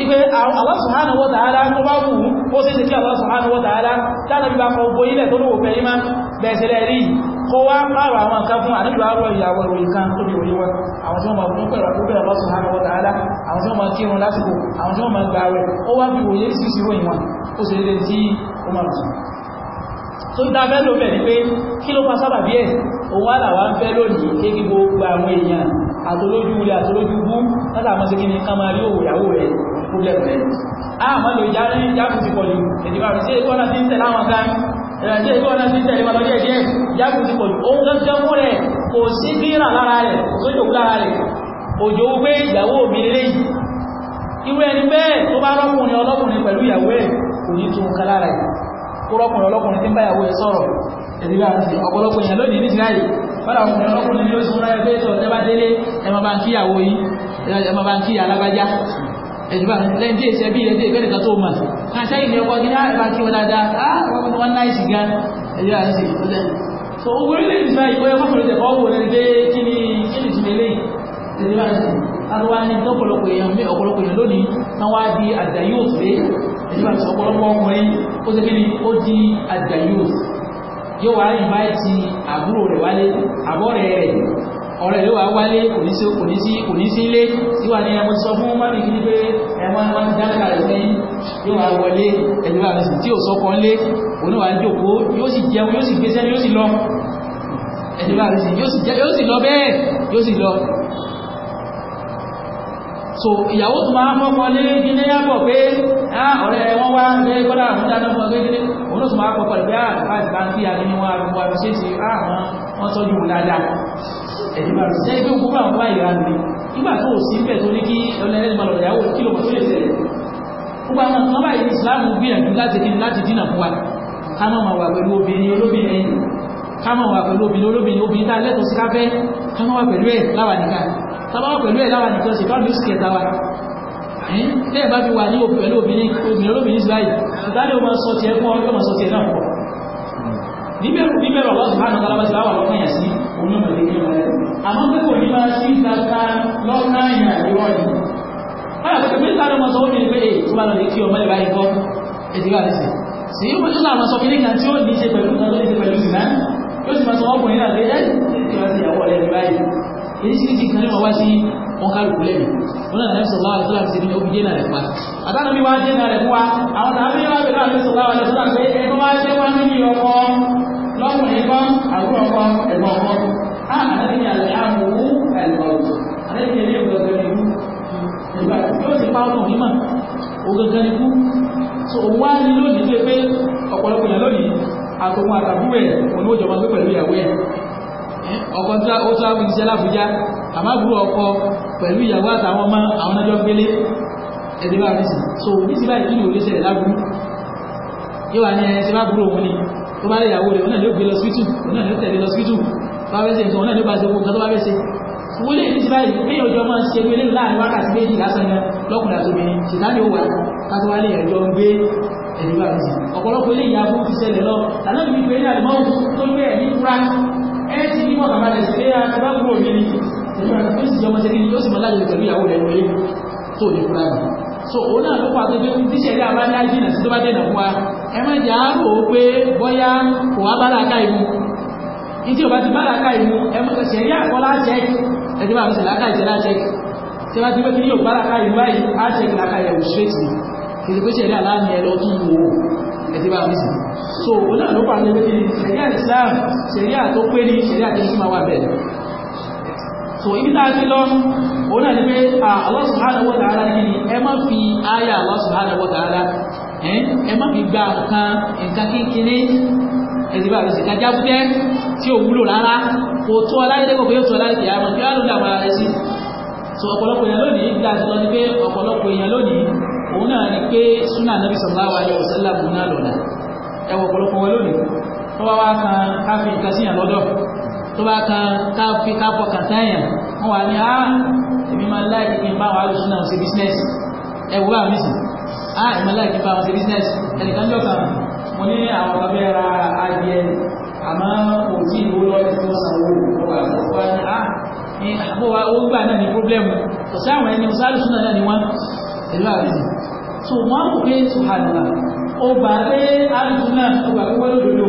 [SPEAKER 2] ipe Allah subhanahu wa ta'ala tó bá wù ó sì ṣe kí Allah subhanahu wa ta'ala tánàbí bá fọ ogbó ilẹ̀ tó ló wòfẹ́ imá bẹ̀ẹ̀sẹ̀lẹ̀ rí kó wá pààrọ̀ àwọn nǹkan fún àníbà tó dá fẹ́ ló ní pé kí ló fa bí ẹ̀ òun wà láwá ń fẹ́ lónìí kéèkì gbogbo àwọn èèyàn àtolójú rẹ̀ àtolójú bú látàmọ́sí kí ni ká máa rí òwò rẹ̀ problem rẹ̀ àmọ́ lò já ní jákùn ti pọ̀lú ẹ̀dìbà rẹ̀ ṣe ìtọ́nà ti ń tẹ̀lá wọn kan ṣe ìtọ́nà ti ń tẹ̀lé wọn lọ́jẹ́ díẹ̀ jákùn ti pọ̀lú ohun tó jẹ́ mú rẹ̀ kò sí bíra lára rẹ̀ sójò lára rẹ̀ òjò wípé ìyàwó mi lélẹ́yìí irú ẹni bẹ́ẹ̀ tó bá rọ́kùnrin ọlọ́kùnrin pẹ̀lú ìyàwó ẹ̀ kò ní tún ká lára ẹ̀ kó rọ́kùnrin ọlọ́kùnrin tí ń bá ìyàwó ẹ̀ sọ̀rọ̀ ẹ̀dìbà àti ọ̀pọ̀lọpọ̀ èèyàn lónìí nísìnyá yìí fọ́nà ọkùnrin ọlọ́kùnrin ni ó sún rẹ̀ pé tọ̀ tẹ́ bá délé ẹ máa bá ń kíyàwó yìí ẹ̀dùbà lẹ́yìn tí èsẹ̀ bí ẹ̀dẹ́ ìbẹ̀rẹ̀ kan tó mọ̀ káṣẹ́ ìlú ọkọ̀ ní àrẹ̀bá kí wọ́n dáadáa ah wọ́n náà ìsì gan ẹ̀dẹ́ àti ìpínlẹ̀ so ogun ilé ìsìnká ìpọ́ ẹ̀kọ́ fún ìjẹ̀kọ́ wò rẹ̀ pé kí ni kí ni ti lélẹ̀ ẹ̀dẹ́ àti àrùwá ní ọ̀pọ̀lọpọ̀ èèyàn mé ọ̀pọ̀lọpọ̀ èèyàn lónìí tán wá di àdàyò sí ẹ̀dẹ́ àti ọ̀pọ̀lọpọ̀ ọkùnrin ó ti kíni ó di àdàyò yóò wá ìbáyìí ti àbúrò rẹ̀ wálé àbọ̀ rẹ̀ rẹ̀ ọ̀rẹ́ rẹ̀ wà wálé kò ní sí kò ní sí kò ní sí ilé tí wà ní ẹmọ sọ fún mọ́mí kí ní pé ẹmọ ẹmọ dáńkà rẹ̀ lẹ́yìn yóò wá wọlé ẹ̀lú àrẹ̀ sí tí ò sọ kan lé òun wà ń jòkó yóò sì jẹun yóò sì gbéṣẹ́ yóò sì lọ ẹ̀lú àrẹ̀ sí yóò sì lọ bẹ́ẹ̀ yóò sì lọ so ìyàwó tó máa fọ́kọ́ lé nílé yàpọ̀ pé ọ̀rẹ́ wọn wá lé kọ́lá àmúdáná fún ọgbẹ́ nílé òun tó máa kọ́kọ́ lè bí i àbájì bá ń kí a nínú wọn àrùn wọn àbíṣẹ́ sí àwọn wọn tọ́jú dáadáa ẹ̀dí bá ṣe pé gbogbo àwọn àìyá ni nígbà tó sí ń bẹ̀ tó ní kí ọlẹ́rẹ́ máa lọ ìyàwó kí ló mọ̀ tó lè tẹ̀lẹ̀ gbogbo àwọn kan báyìí Islam gbìyànjú láti kí láti dínà fún wa ká má máa wà pẹ̀lú obìnrin olóbìnrin ká má wà pẹ̀lú obìnrin olóbìnrin obìnrin tá lẹ́tọ̀ọ́ sí káfẹ́ ká má wà pẹ̀lú ẹ̀ láwa nìkan tá bá wà pẹ̀lú ẹ̀ láwa nìkan ṣe fáwọn mìíràn kẹta wa tẹ́ẹ̀ bá fi wà ní pẹ̀lú obìnrin obìnrin olóbìnrin Israel ìtàlẹ́ o máa sọ tiẹ̀ fún ọ níbẹ̀rù ọlọ́sùn bá nàkàlà bá ti láwà lọ́kàn yà sí onímọ̀lẹ́ ní ọmọ rẹ̀ àmọ́ pé kò ní máa ṣí ìgbàgbà lọ́nà ìyà ìwọ̀ ni wọ́n yàtọ̀ pé sáré ọmọ sọ wọ́n ní pé èyí tó bá lọ lè kí ọmọ ìbá ikọ́ ètò ìwà lẹ́sẹ̀ sí ó tó láwọn sọ pé nígbà tí ó ní ṣe pẹ̀lú nǹkan tó ní ṣe pẹ̀lú ìlà yóò sì máa sọ ọkùnrin náà pé ẹ́ ìwà sí ìyàwó ọ̀rẹ́ ìbá yìí èyí sì ti kan ní wọn wá sí wọn ká lùkú lẹ́nu wọn náà lẹ́sọ̀ láwọn àti láti ní omi jẹ́nà rẹ̀ pa àtàwọn mi wá fún wa àwọn tàbí wá bẹ̀rẹ̀ àwọn ẹ̀sọ́ náà pé ẹ̀ tó wá jẹ́ wá nínú ọkọ̀ ọkùnrin kan àbúrò ọkọ ẹ̀gbọ́n ọkọ á àlẹ́ ní àlẹ́ àmú ẹ̀gbọ́n àlẹ́ ní ilé ìgbọ̀ngàn ní ikú ìgbà yóò ti pa ọkùnrin mà ògàngàn ní ikú so òun wá ní lónìí tó pé ọ̀pọ̀lọpọ̀ yẹn lónìí àtòkùn àtàbúrò ẹ̀ òun ó jọba gbé pẹ̀lú ìyàwó ẹ̀ ọkọ tí ó tí wọ́n ṣiṣẹ́ lábújá àmábúrò ọkọ pẹ̀lú ìyàwó àtàwọn ọmọ àwọn ọjọ́ gbélé ẹ̀dẹ́gbà rẹ̀ sí so ní ti báyìí kí ni òun lè ṣẹlẹ̀ lábúrú yóò wà ní ẹni tí bá búrò òun ni tó bá rí ìyàwó rẹ̀ òun náà ló gbé lọ síkítù òun náà ló tẹ̀lé lọ síkítù bá fẹ́ ṣe òun náà ló bá ṣe gbogbo nǹkan tó bá fẹ́ ṣe wọ́n lè ní ti báyìí kéèyàn ọjọ́ máa ń ṣe gbé lẹ́nu láàrin wákàtí méjì lásán yẹn lọ́kùnrin àti obìnrin ṣètàní òwò àti wálé ẹ̀jọ́ ń gbé ẹ̀dí bá ti ọ̀pọ̀lọpọ̀ ilé ìyá fún ti ṣẹlẹ̀ lọ àná mi pé ní àdìmọ́ tó gbé ẹ̀ ní fúra ẹ ti ní mọ̀tàmá rẹ̀ sí pé a ti bá kúrò mi ni ó sì ni ó sì mọ láyé pẹ̀lú ìyàwó ẹmọ́jà ó pé bọ́yá kò wá bálàkà ìmú ìdí òbá ti bálàkà ìmú ṣẹ̀rí àkọlá check ẹ̀dí bá ṣe lákà check tí wá ti pé kí ní òbá lákà check lákà ìyẹ̀wò straight ni kìí pé ṣẹ̀rí àlá ni ẹlọ so òun náà ni ṣẹ̀rí àìsàn ṣẹ̀rí àtó pé ní ṣẹ̀rí àti ìṣúná so ibi tá a ti lọ òun náà ni pé ni ẹ fi áyà Allah subhanahu wa ta'ala ẹ má fi gba nǹkan nǹkan kíkiri ẹ̀sìn bá rẹ̀ sì kájá fúkẹ́ tí ò wúlò rárá kò tó ọlárẹ́dẹ́gbọ̀ pé ó tó ọlárẹ́dẹ́ kìí àmọ́ kí wá ló dà wọ́n ara rẹ̀ sí so ọ̀pọ̀lọpọ̀ èèyàn lónìí bí a ti lọ ni pé ọ̀pọ̀lọpọ̀ èèyàn lónìí òun náà ni pé súnà nàbì sallallahu alaihi wasallam náà lọ́la ẹwọ̀ ọ̀pọ̀lọpọ̀ wọn lónìí tó bá wá kan káfí nǹkan síyàn lọ́dọ̀ tó bá kan káfí kápọ̀ kàtáyàn wọn wà ní á ah, èmi máa láì kí n bá wàá lọ súnà ṣe bísínẹ́sì ẹwọ́ àmì á ah, ìmọ̀lá ìkípa àwọn sí business ẹnìkan jọ kan mo ní àwọn ọ̀gbẹ́ ra adìẹ àmọ́ kò tí ìwó lọ ẹni tó sanwó ọgbà ọgbà ní á ah, ní àbúwá ó gbà náà ní pọ́blẹ́mù so wọ́n kò pé sùhàdùlà ó gbà pé àlùsù náà ó gbà pé wọ́n lòdòdò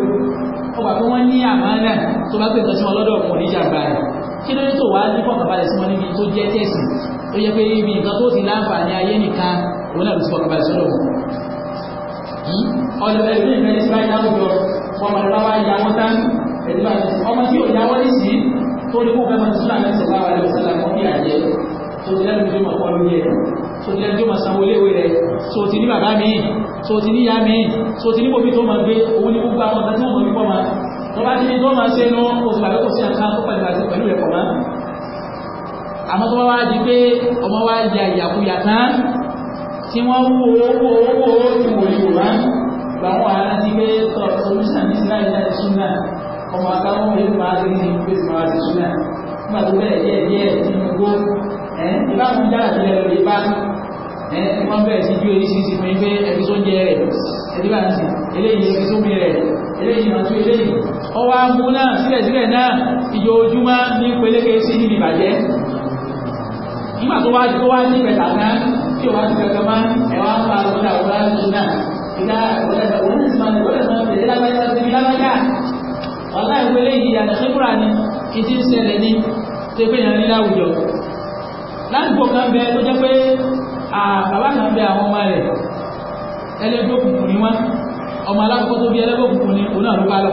[SPEAKER 2] ó gbà pé wọ́n ní àmọ́ náà tó bá pè tọ́sí wọn lọ́dọ̀ ọkùnrin ìjàmbá rẹ̀ kí ló ní tó yẹ pé ibi nǹkan tó ti láǹfààní ayé nìkan òun náà ló sọ̀rọ̀ bá ìṣòro wọn. ọ̀dọ̀ ẹ̀mí ìfẹ́ ti bá yá lójọ ọmọ ìlú wa yà wọ́n tán ọmọ tí ò yá wọ́n sí tó ní kó fẹ́ mọ́ sílá ní sọ̀rọ̀ àwọn ẹ̀rọ sílá kan bí àjẹ́ tó ti lẹ́nu tó mọ̀ pọ̀ lórí ẹ̀ tó ti lẹ́nu tó mọ̀ sanwó léwé rẹ̀ tó ti ní bàbá mi tó ti ní ìyá mi tó ti ní bòbí tó mọ̀ gbé òun ní gbogbo àwọn ọ̀gá tí wọ́n mọ̀ nípa ma wọ́n bá ti ní tó máa ṣe lọ́wọ́ oṣù àlọ́kọ̀ọ́sí àká tó pàdé àti pẹ̀lú rẹ̀ máa àmọ́ tó wá di pé ọmọ wá ya ìyàkuyà tán tí wọ́n wó owó owó ìwò ìwò rán gbà wọ́n wá láti pé tọ́ solution ní sílá ìlà ìṣúná ọmọ akáwọn yóò máa rí ní pé tí wọ́n ti ṣúná nígbà tó bẹ̀rẹ̀ díẹ̀ díẹ̀ nínú gbó ìbá fún jára sí ẹ̀rọ ìbá wọ́n bẹ̀rẹ̀ sí ju oríṣiríṣi fún pé ẹbí tó jẹ rẹ̀ ẹbí bá ti eléyìí ẹbí tó mi rẹ̀ eléyìí ìrántí eléyìí ọwọ́ ìjọ ojúmọ́ ní pelékè sí níbi ìbàjẹ́ nígbà tó wá tó wá ní ìpẹ̀tà náà tí o wá ti kankan máa ẹ̀ wá pa ọ̀dà ọ̀dà ọ̀dà náà ìdá ọ̀dà òun ti máa ọ̀dà máa bẹ̀rẹ̀ lágbájá sí mi lágbájá ọ̀dà ìwé léyìí àdàṣe fúra ni ìdí ń ṣẹlẹ̀ ní ṣe pé yẹn ní láwùjọ. ládùúgbò kan bẹ tó jẹ́ pé bàbá kan bẹ àwọn ọmọ rẹ̀ ẹlẹ́gbẹ́ òkùnkùn ni wọ́n ọmọ alákọ̀ọ́ tó bí ẹlẹ́gbẹ́ òkùnkùn ni òun náà ló bá lọ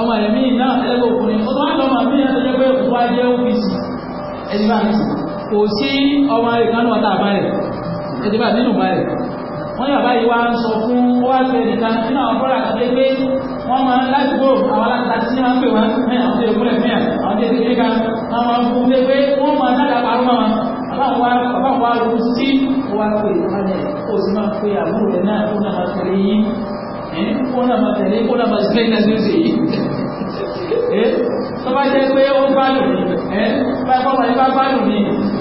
[SPEAKER 2] ọmọ rẹ̀ míì náà ẹlẹ́gbẹ́ òkùnkùn ni ó tó wá lọ́mọ míì náà tó jẹ́ pé òun wá jẹ́ òfìsì ẹni máa ń sìn kò sí ọmọ ìkánú ọ̀tá àbá rẹ̀ ẹ̀dẹ̀bà nínú bá rẹ̀ wọ́n yà báyìí wá ń sọ fún wá sí ẹnìkan nínú àwọn bọ́lá àti pé wọ́n máa ń láti gbó àwọn aláta tí wọ́n pè wọ́n mẹ́rin àwọn tó múlẹ̀ mẹ́rin àwọn tó ti ká wọ́n máa ń fún pé pé wọ́n máa dára parọ́ mọ́ àbáwọn wá lù sí wá pé ìpalẹ̀ kó sì máa pe àbúrò rẹ̀ náà kó náà máa tẹ̀lé yín kó náà máa tẹ̀lé kó náà máa tẹ̀lé náà sí ó sì yìí tó bá jẹ́ pé ó bá lù ní bá bá wà ní bá bá lù ní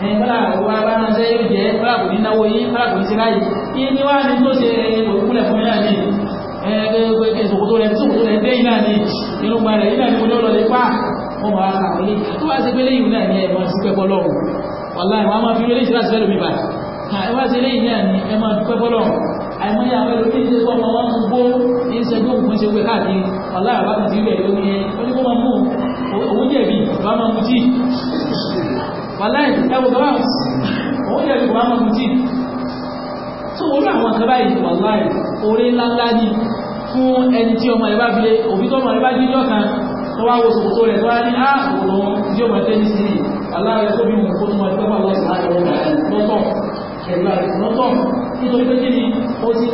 [SPEAKER 2] kọ́lá wa bá náà ṣe yóò jẹ́ kọ́lá kò ní náwó yìí kọ́lá kò ní ṣe báyìí iye ní wá ní tó ṣe òkúlẹ̀ fún náà ní ẹgbẹ́ ìṣòkòtò rẹ̀ ìṣòkòtò rẹ̀ dé iná ní irúgbà rẹ̀ iná ní mo ní ó lọ lè pa wọn wà á wọlé tó bá ṣe pé lẹ́yìn náà ní ẹ̀mọ́ sí pẹ́ bọ́lọ́run wàlá ìwà máa fi wàláì ẹwọ gbọ́nà òun yẹ kò bá mọ̀ tuntun tó orí àwọn akẹ́bá yìí wàláì orí ńláńlá ní fún ẹni tí ọmọ ẹ̀bá fi lé òbí tó ọmọ ẹ̀bá jíjọ́ kan tó wá wo sòkòtò rẹ̀ tó wá ní ààbò ah, tí ó mọ̀ tẹ́ ní sí wàláì tó bí wọn kó tó mọ̀ ẹ̀fẹ́ wà lọ́sàn nítorí pé kí ni o ti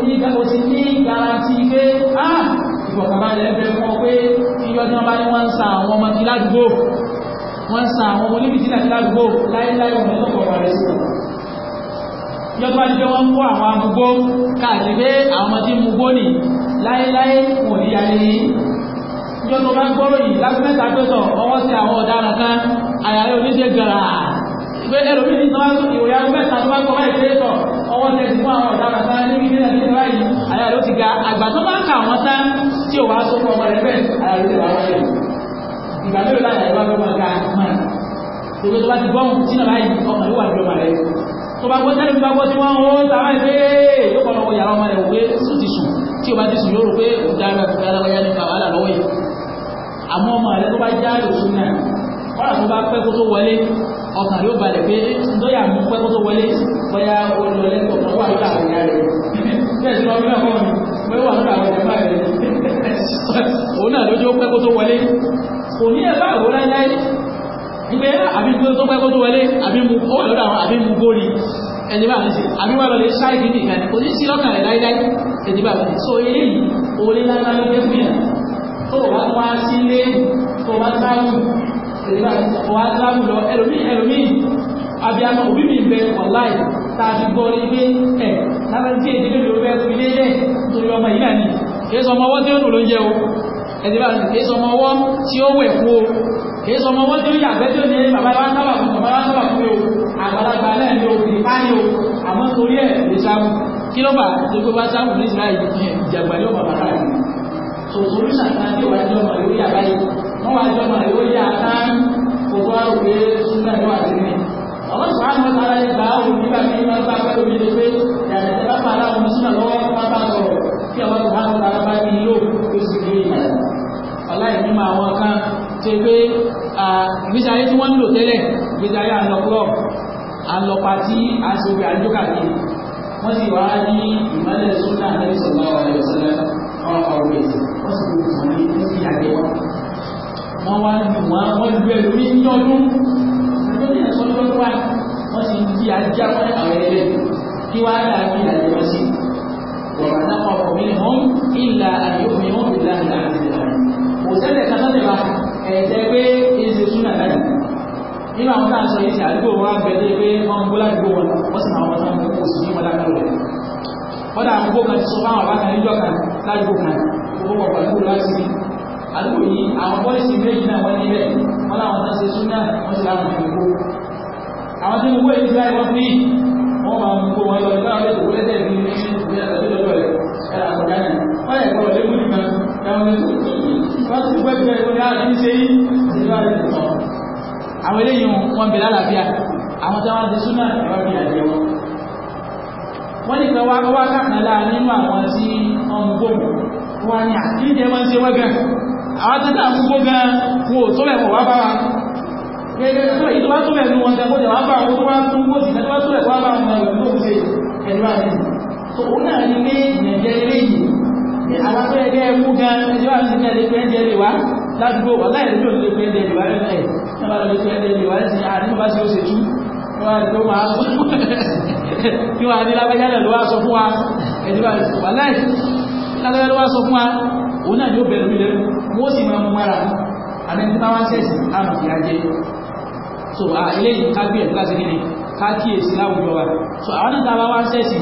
[SPEAKER 2] ní garanti pé ah ìwọ̀n kàbá ilẹ̀ ẹgbẹ́ fún ọ pé tí yọ́dún ọba ní wọ́n ń sa àwọn ọmọ kí ládùúgbò wọ́n ń san àwọn oníbìtìlà ládùúgbò láíláí wọn lọ́kọ̀ ọ̀rọ̀ rẹ̀ sí yọ́gbà ní pé wọ́n ń kó àwọn amúgbó káàkiri pé àwọn ọmọdé mú gbó nì láíláí wọn ò ní yáyé yìí ìjọ tó bá ń gbọ́rọ̀ yìí láti mẹ́ta tó sọ ọwọ́ sí àwọn ọ̀daràn kan àyàrẹ́ oníṣẹ́ gbẹ̀rà pé ẹlòmíì ní sọ́wọ́ ìròyìn àwọn mẹ́ta tó bá gbọ́ báyìí pé sọ ọwọ́ sí ẹ̀sìn fún àwọn ọ̀daràn kan ní ilé nàìjíríà báyìí àyàrẹ́ ó ti ga àgbà tó bá ń kà wọ́n tán tí ò wá sọ fún ọmọ rẹ̀ bẹ́ẹ̀ àyàrẹ́ ó ìgbà mélòó láyà ìwà ló máa ga tòbí tó bá ti gbọ́n sínú báyìí ọmọ ìwà bí ọmọ rẹ tó bá gbọ́ sẹ́ni bá gbọ́ tí wọ́n ń wọ́n sàmá ìpè kọ́ lọ́wọ́ yàrá ọmọ rẹ̀ wò pé sùn ti sùn tí o bá ti sùn yóò pé o dára wà lórí àwọn ìyá rẹ̀ òun náà lójú pẹ́ kó tó wọlé kò ní ẹ̀bá àwọ̀ láíláí ìgbé àbí tó pẹ́ kó tó wọlé àbí mú ó lọ́dọ̀ àwọn àbí mú góòlì ẹni bá mi sí àbí wà lọ́lẹ̀ ṣáì gidi kan kò ní sí lọ́kàn rẹ̀ láíláí ẹni bá mi so eléyìí orí láíláí ló dé fún yàn tó wá wá sílé tó wá sáàmù ẹni bá mi sọ wá sáàmù lọ ẹlòmíì ẹlòmíì abiyamọ òbí mi bẹ wàláì tá a ti gbọ́ ní pé ẹ lábẹ́ tí èdè lórí ó fẹ́ fi lélẹ̀ ọmọ yìí kéèsọ ọmọ ọwọ́ tí ó nù ló ń jẹ́ o ẹ̀dìbà kéèsọ ọmọ ọwọ́ tí ó wẹ̀ kú o kéèsọ ọmọ ọwọ́ tí ó yàgbẹ́ tí ó ní bàbá wa sábà fún bàbá wa sábà fún o àgbàlagbà náà ni o kì í pání o àmọ́ torí ẹ̀ lè sáàmù kí ló bà tó gbé wá sáàmù ní ìsìlá ìjàgbá yóò bàbá rà ní so solution náà tí wàá jọmọ yóò yà báyìí wọn wàá jọmọ yóò yà tán gbogbo àwọn òkè súnmọ́ ẹ̀ wà lórí ọlọ́run sọ àwọn ọmọ sára yẹn gbà á òun nígbà tí wọ́n bá pẹ́ lómi lé pé tí àwọn tó hàn tààrà bá ní lò tó sì rí ìlànà aláìní máa wọn kan ṣe pé ìgbésí ayé tí wọ́n ń lò tẹ́lẹ̀ ìgbésí ayé àlọ́ club àlọ́ pàtí àṣòwò àjọkà ní wọ́n sì wá ní ìmọ̀lẹ̀ sọ́nà àlẹ́ sọ̀rọ̀ àwọn ọ̀rẹ́ sọ̀rọ̀ àwọn ọ̀rẹ́ wọ́n sì kò wọ́n ní ní sí àgbẹ̀ wọn. wọ́n wá lù wọ́n wọ́n lu ẹ̀ lórí ní ọdún ọdún ní ẹ̀sọ́ lọ́dún wa wọ́n sì ń di ajá إلا أن يؤمنوا بالله العزيز الحميد وسنة كتبها تبي إذ سنة لنا nínú àwọn tá à ń sọ yìí sí àdúgbò wa bẹ̀rẹ̀ pé wọ́n ń gbó ládùúgbò wọn wọ́n sì máa wọ́n tán kó sì sí àdúgbò wọ́n níbẹ̀ wọ́n àwọn eléyìn wọn bèèrè àlàáfíà àwọn tí wọ́n ti súnà ẹ̀wọ́n bí àjẹ́ wọn wọ́n ní pé wá wá kàkànlá nínú àwọn tí wọ́n mú gbòmù wọ́n ní àkíjẹ wọ́n ṣe wọ́gán àwọn tí wọ́n mú gbògán wọn ò tó lẹ́wọ̀n wá bá wa gẹ́gẹ́ ìtọ́wá tó lẹ́nu wọn tẹ́kọ́ tó òun náà ní pé ìyẹ̀jẹ̀ eléyìí ní alábẹ́ ẹgbẹ́ ẹkú gan ẹjọ́ àti ìkẹ́lẹ̀ pé ẹ̀jẹ̀ lè wá ládùúgbò wà láì lójó lè pé ẹ̀jẹ̀ lè wá lẹ́sẹ̀ ẹ̀ nígbà tó lè pé ẹ̀jẹ̀ lè wá lẹ́sẹ̀ àti bá ṣe ó ṣe tú kí wọ́n á ní lábẹ́jálẹ̀ ló wá sọ fún wa ẹ̀jẹ̀ bá wà láì lábẹ́jálẹ̀ ló wá sọ fún wa òun náà ni ó bẹ̀rù ilẹ̀ wọ́n sì máa mú mara àmẹ́ni táwọn sẹ́sì àmà fi ajé so eléyìí ká gbé ẹ̀ láti gíní ká kíyèsí láwùjọ wa so àwọn náà wá sẹ́sì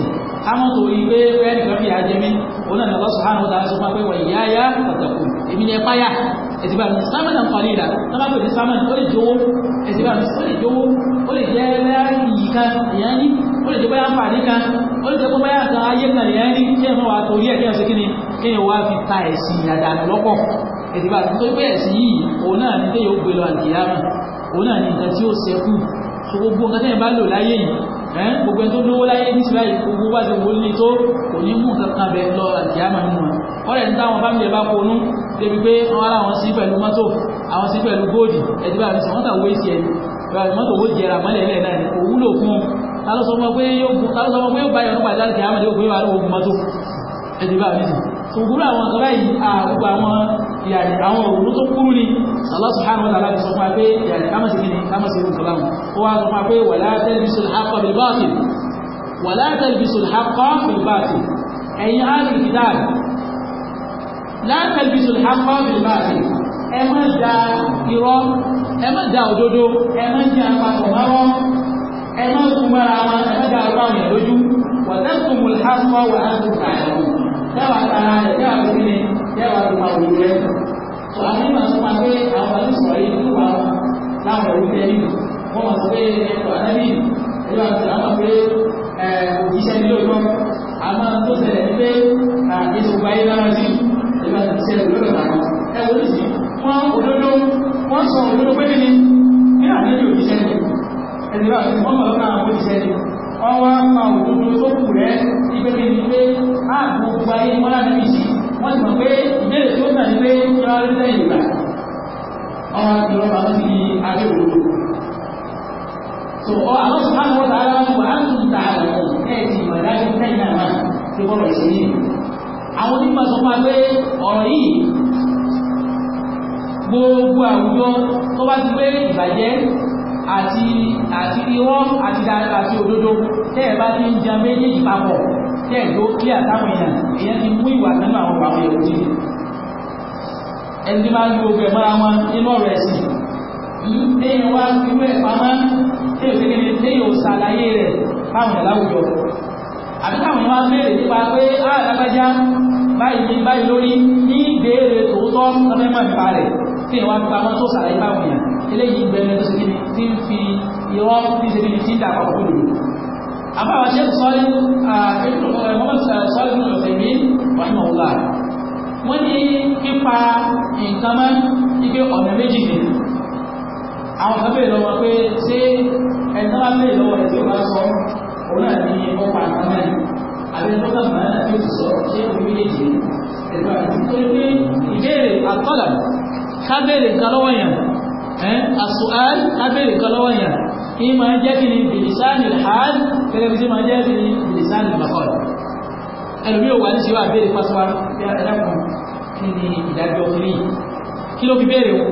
[SPEAKER 2] káwọn tó rí pé bẹ́ẹ̀ nìkan bí ajẹ́mí òun náà lọ́sọ̀ hàn ó dáná sọ fún wa pé wọ̀ ìyá yá pàtàkù èmi ni ẹ páyà ẹ̀sìn bá mi sámẹ́nà kọ́lé ìlà sábà pèsè sámẹ́nà ó lè jówó ẹ̀sìn bá mi ó lè jówó ó lè jẹ́ bẹ́ẹ̀ iyì kan ìyá ní ó lè jẹ́ bẹ́ẹ̀ àǹfààní kan ó lè jẹ́ pé bẹ́ẹ̀ àtàwọn ayé kan ìyá ní kí gbogbo ẹni tó lówó láyé ní síláyé gbogbo wá ti wọlé tó kò ní mú kankan bẹ lọ àti àmà nínú wọn wọ́n rẹ̀ ń táwọn fámìlì bá kó nú débi pé wọ́n ara wọn sí pẹ̀lú mọ́tò àwọn sí pẹ̀lú góòdì ẹ̀dí bá mi sọ wọ́n tà wé sí ẹni mọ́tò wó jẹrà mọ́lẹ̀ ilẹ̀ náà ni kò wúlò fún un ta ló sọ pé yóò bá yọ̀nù pàdé láti àmà ní òkú yóò bá lọ́wọ́ mọ́tò ẹ̀dí bá mi sọ yàrá àwọn òwúrú tó kúrú ni Allah subhanahu wa ta'ala ti sọ fún wa pé yàrá ká má ṣe kíni ká má ṣe irun kàláwọn ó wá sọ fún wa pé wala talbisul haqqa bil batil wala talbisul yàrá tara rẹ̀ yàrá tó ní yàrá tó máa wù rẹ̀ tó a ní màá sọ ma pé àwọn àti sọ̀rọ̀ yìí ló wà láwọn ẹ̀rú bẹ́ẹ̀ wọ́n máa sọ pé ẹ̀rọ anábì ẹ̀rọ àti àwọn pé òjíṣẹ́ nílò ìtọ́ àmọ́ tó ṣẹlẹ̀ ní pé àkíyèsí gba ayé lára sí ẹ̀rọ àti ìṣẹ̀lẹ̀ lọ́dọ̀ tàbí ẹ̀rọ sì wọ́n òdodo wọ́n sọ òdodo pé kí ni ní àdéhùn òjíṣẹ́ ni àti wọ́n mọ̀ lọ́kàn wọ́n wá pa òdodo tó kù rẹ̀ ìgbé mi ní pé á gbogbo ayé wọn láti fi sí wọ́n ti mọ̀ pé ìbéèrè tó nà ní pé yọra ló lẹ́yìn ìgbà àwọn àgbẹ̀rọ̀ bá ti di abẹ́ òdodo so ọ àwọn sùpánù wọn tààrà wọn wà á tún ta àrùn ẹ̀ ti mọ̀ dájú lẹ́yìn náà tó bọ́rọ̀ sí ní àwọn onímọ̀ sọ fún pé ọ̀rọ̀ yìí gbogbo àwùjọ tó bá ti pé ìbàjẹ́ àti àti irọ́ àti dáadáa àti òdodo tẹ́ ẹ̀ bá ti ń jẹ méjì papọ̀ tẹ́ ẹ̀ ló kí àtàwọn èèyàn èèyàn ti mú ìwà nínú àwọn àwọn èèyàn òjì ẹni máa ń lo ọgbẹ̀ mọ́ra wọn nínú ọ̀rọ̀ ẹ̀sìn téèyàn wá irú ẹ̀ pamọ́ téèyàn fi kéde téèyàn ò ṣàlàyé rẹ̀ fáwọn ìyàláwùjọ àbí táwọn èèyàn wá béèrè nípa pé alágbájá báyìí ní báyìí lórí ní ìbéèrè tòótọ́ lọ́fẹ́ mọ̀ nípa rẹ̀ téèyàn wá pamọ́ tó ṣàlàyé fáwọn èèyàn eléyìí bẹ̀rẹ̀ tó sèkìní tí ń fi irọ́ tí sèkìní tí ń dà pọ̀ kúrò àbáwá ṣe sọ́ọ́lì sọ́ọ́lì nù lọ́sẹ̀mí wàhímà ọ̀la wọ́n ní pípa nǹkan mọ́ ibi ọ̀nà méjì ni àwọn kan bèèrè lọ́wọ́ pé ṣé ẹ̀dá wá bèèrè lọ́wọ́ ẹ̀ tí ó bá sọ òun náà ní ọ̀pá nǹkan náà àbí ẹ̀dá wá bàá náà tí ó ti sọ ṣé òun méjèèjì ẹ̀dá wá nítorí pé ìbéèrè àtọ́là àṣùhàn eh, abẹ́rẹ̀ kan lọ́wọ́ yẹn kí máa jẹ́ kí ni bìlìsánì hàn gẹ́gẹ́ bí sí máa jẹ́ kí ni bìlìsánì mọ̀kọ́l ẹlòmí ò wà ní síwá abẹ́rẹ̀ pàṣíwá ẹlẹ́kùn kí ni ìdájọ́ kiri kí ló fi bẹ̀rẹ̀ o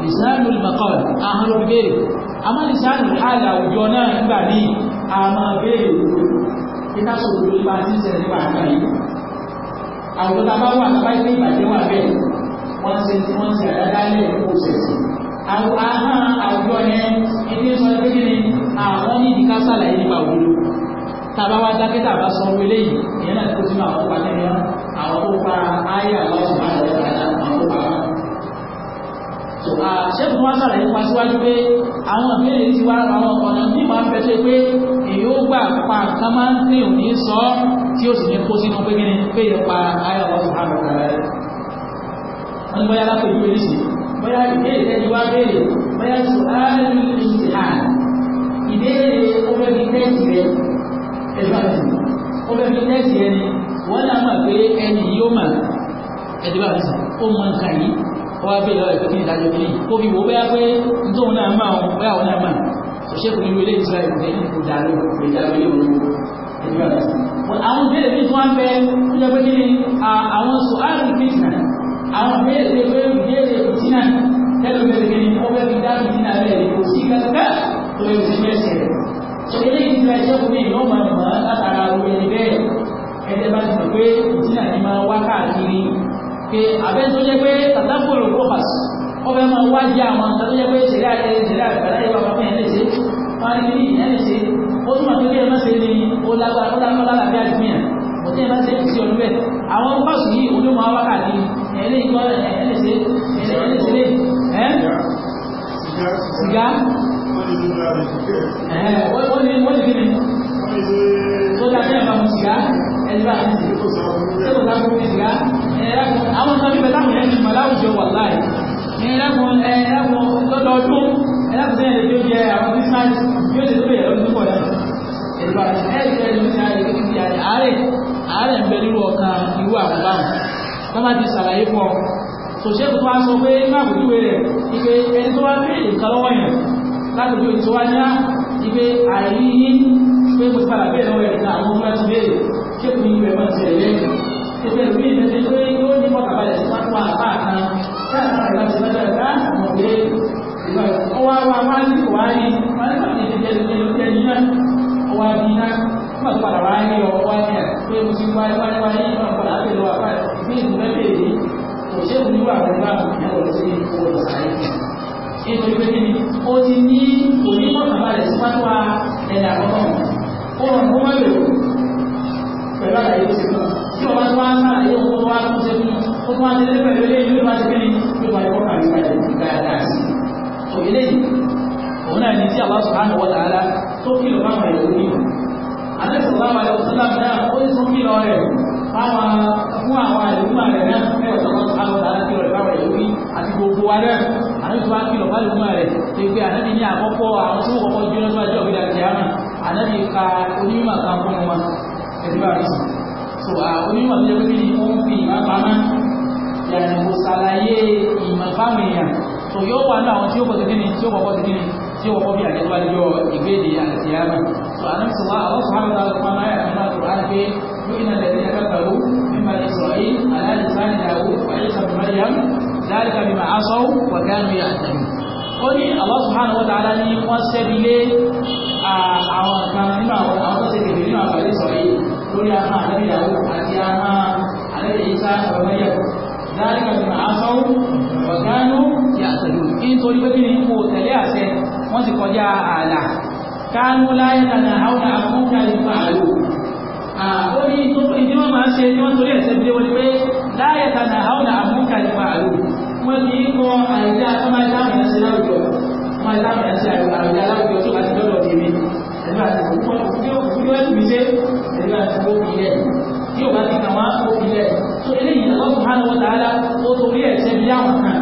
[SPEAKER 2] bìlìsánì mọ̀kọ́l ahọ́n ló fi bẹ̀rẹ̀ àmọ́ bìlìsánì hàn àwùjọ náà nígbà míì àmọ́ bẹ̀rẹ̀ òkú kíkà sọ̀rọ̀ ló bá ti ń ṣẹlẹ̀ nípa àgbà yìí àwùjọ tá a bá wà báyìí ní ìbàjẹ́ wà bẹ́ẹ̀ wọ́n ń ṣe tí wọ́n ń ṣe àdáda lẹ́yìn kó àhán àwùjọ yẹn ẹni sọ pé kí ni àwọn ní ìdíkà sàlàyé nípa òdodo tàbá wá dákẹ́ tàbá sọ owó eléyìí ìyẹn náà kó sínú àwọn pàdé yẹn àwọn tó pa ayé àwọn ọ̀sán àwọn ọ̀sán àwọn tó pa wọn. tó a ṣẹ́gun wá sàlàyé wá síwájú pé àwọn ìbéèrè ti wá àwọn ọ̀nà bí màá fẹ́ ṣe pé èyí ó gbà pa nǹkan máa ń tẹ̀ òní sọ tí ó sì ní kó sínú pé kí ni pé yẹ pa ayé àwọn ọ̀sán àwọn ọ̀sán rẹ̀. wọ́n ní bóyá lápò ìgbé nísìnyí bóyá ìbéèrè tẹ́jú wá béèrè bóyá sùhánì ìṣì hàn ìbéèrè obìnrin tẹ́sì rẹ ẹgbàáyé obìnrin tẹ́sì rẹ ni wọ́n náà mọ̀ pé ẹni yóò mọ̀ ẹ̀dùbà ọ̀sán ó mọ nǹkan yìí wọ́n á béèrè lọ́wọ́ ìpínlẹ̀ ìdájọ́ kí kó fi wò bóyá pé nítorí náà máa wọn bóyá wọn náà máa òṣèkù nínú ilé ìtura ìpínlẹ̀ ìpínlẹ̀ ìdálò ìdálò ilé olówó ẹ̀dùbà ọ̀sán àwọn ìbéèrè mi tún wá ń pé kí ni àwọn sùhánì ìpínlẹ̀ àwọn béèrè pé béèrè fìtínà tẹ́lẹ̀ bẹ̀rẹ̀ kí ni ó fẹ́ fi dá fìtínà rẹ̀ kò sí kankan tó lè fi mẹ́sẹ̀ rẹ̀ tó eléyìí ti ra iṣẹ́ fún mi ìlú ọmọ ìmọ̀ látara owó ẹni bẹ́ẹ̀ ẹgbẹ́ bá ti mọ̀ pé fìtínà ni máa wá káàkiri pé abẹ́ tó jẹ́ pé tàtàkùrù kófàs ọbẹ̀ máa wá jẹ́ àwọn tó jẹ́ pé ṣẹlẹ̀ àti ṣẹlẹ̀ àgbàlá ìwà pàpẹ́ ẹ̀ lè ṣe wọn ní bí ìyẹn lè ṣe ó túmọ̀ pé bí ẹ má ṣe ni ó lágbára ó lágbára lábẹ́ àdìmíyàn òtí ẹ má ṣe fi sí ọdún bẹ́ẹ̀ àwọn kófàs yìí ẹ̀lẹ́ ìkọ́lẹ̀ ẹ̀lẹ́sẹ̀ ẹ̀lẹ́sẹ̀ ẹ́ sìgá wọ́n ní wọ́n ní kíni tó dájẹ́ ìbámu sìgá ẹ̀lẹ́bà tó dájú ní sìgá àwọn ọmọ bíbẹ̀ láwọn ẹ̀mí màláwùjọ wà láì ẹ̀lẹ́kùn ẹ̀lẹ́kùn lọ́dọọdún ẹ̀lẹ́kùn sẹ́yìn lè tó jẹ àwọn christmas yóò lè tó bẹ̀rẹ̀ lọ́dún pọ̀ dáa ẹ̀lẹ́kùn ẹ̀lẹ́kùn sẹ́yìn lè tó jẹ àárẹ̀ àárẹ̀ ń bẹ nínú ọkàn irú àwọn báwọn sábà ti sàlàyé fún ọ tòṣẹ́ tó wá sọ pé láàpùjúwe rẹ̀ ipe ẹni tó wá pé nǹkan lọ́wọ́ yẹn láàpùjúwe tó wá yá ipe àìrí ní pé mo ti padà bẹ́ẹ̀ lọ́wọ́ ẹ̀ka àwọn ọmọ láti béèrè ṣé kò ní ìwẹ̀ máa ti rẹ̀ lẹ́yìn ìpè mí ìdẹ́sẹ̀ pé yóò ní pọ̀tàbalẹ̀ sí pápá àpá kan láàpùjúwe láti bá dára dá àwọn pé ọwọ́ àwọn amáàlì wà ní wọn ní pàtàkì ìdíjẹ́ ìdíjẹ́ yíyá ọwọ́ àbí iná wọn padà wá ní ọwọ́ wá ní ẹ̀ pé mo ti wáyé wáyé wáyé wọn padà bẹ́ẹ̀ lọ́wọ́ ní ìlú mẹ́lẹ̀ yìí kò ṣe ń wú àwọn bá ìyàwó sí owó ìsàlẹ̀ nítorí pé kíni ó ti ní onímọ̀ bàbá rẹ̀ sí pátó wa ẹ̀dà àkọ́kọ́ ó rọ̀ kó má lò pẹ̀lú àlàyé tó ṣe kọ́ tí ọba tó wá ń sára yóò kó wá tó ṣe fún ó tó wá ti lé pẹ̀lú ilé ìlú ìwádìí kíni ló wà lọ́wọ́ kàwé ìgbàlẹ̀ ìgbàlẹ̀ àti ní Allah subhanahu wa ta'ala tó kìlọ̀ máa ń bẹ̀rẹ̀ lórí àlẹ́ sọ̀rọ̀ àwọn àlẹ́ òṣèlú àmì rẹ̀ báwa fún àwọn àìlúmọ̀ rẹ̀ náà fún ẹ̀rọ lọ́wọ́ àwọn ọ̀tàlá tí ọ̀rẹ́ báwọn èyí àti gbogbo wa náà àníṣe wá kìlọ̀ bá lùmọ̀ rẹ̀ ṣe pé ànábì ní àkọ́kọ́ àwọn tí wọ́n kọ́kọ́ jóná síwájú ọ̀gbẹ́dà ti àmà ànábì ka onímọ̀ kan fún wọn ẹ̀dí bá rí sùn so onímọ̀ tó yẹ pé ní ó ń fi ìmọ̀ pamọ́ yàtọ̀ kò ṣàlàyé ìmọ̀ fáwọn èèyàn so yóò wà ní àwọn tí ó kọ́ sí kíni tí ó kọ́kọ́ sí kíni tí ó kọ́kọ́ bí àjẹsíwájú ìgbéde àti àmà so ànábì sọ wá àwọn sọ وإن الذين كفروا من بني إسرائيل على لسان داوود وعيسى بن مريم ذلك بما عصوا وكانوا يعتدون ó ní Allah subhanahu wa ta'ala ní wọ́n ṣẹ́bi lé àwọn kan nínú àwọn àwọn tó ṣe bèbè nínú àgbàlẹ̀ sọ̀rọ̀ yìí lórí ahọ́n àlẹ́bí ìyàwó àti ahọ́n àlẹ́bí ìsá ọ̀rọ̀mẹ́yẹ láàrin kan nínú asọ́ ọ̀gánú ti àtẹ̀lù kí n torí pé kí ni kò tẹ̀lé àṣẹ wọ́n ti kọjá ààlà kánú láyé tànà àwọn àkókò àlùfáà lò Ah, ó ní tó ní wọ́n máa ṣe ní wọ́n torí ẹ̀sẹ̀ bí wọ́n ni pé láyé tànà àwọn àmúkà ní màálù wọ́n kì í kọ́ àìdá tó máa dá àwọn ẹ̀sẹ̀ láwùjọ máa dá àwọn ẹ̀sẹ̀ àìdá láwùjọ tó láti lọ́dọ̀ tèmi ẹ̀dá àti òkú yóò ti ṣe ẹ̀dá àti òkú yẹ yóò bá ti kàwá òkú yẹ tó eléyìí àwọn subhanahu wa ta'ala ó torí ẹ̀sẹ̀ bí àwọn kan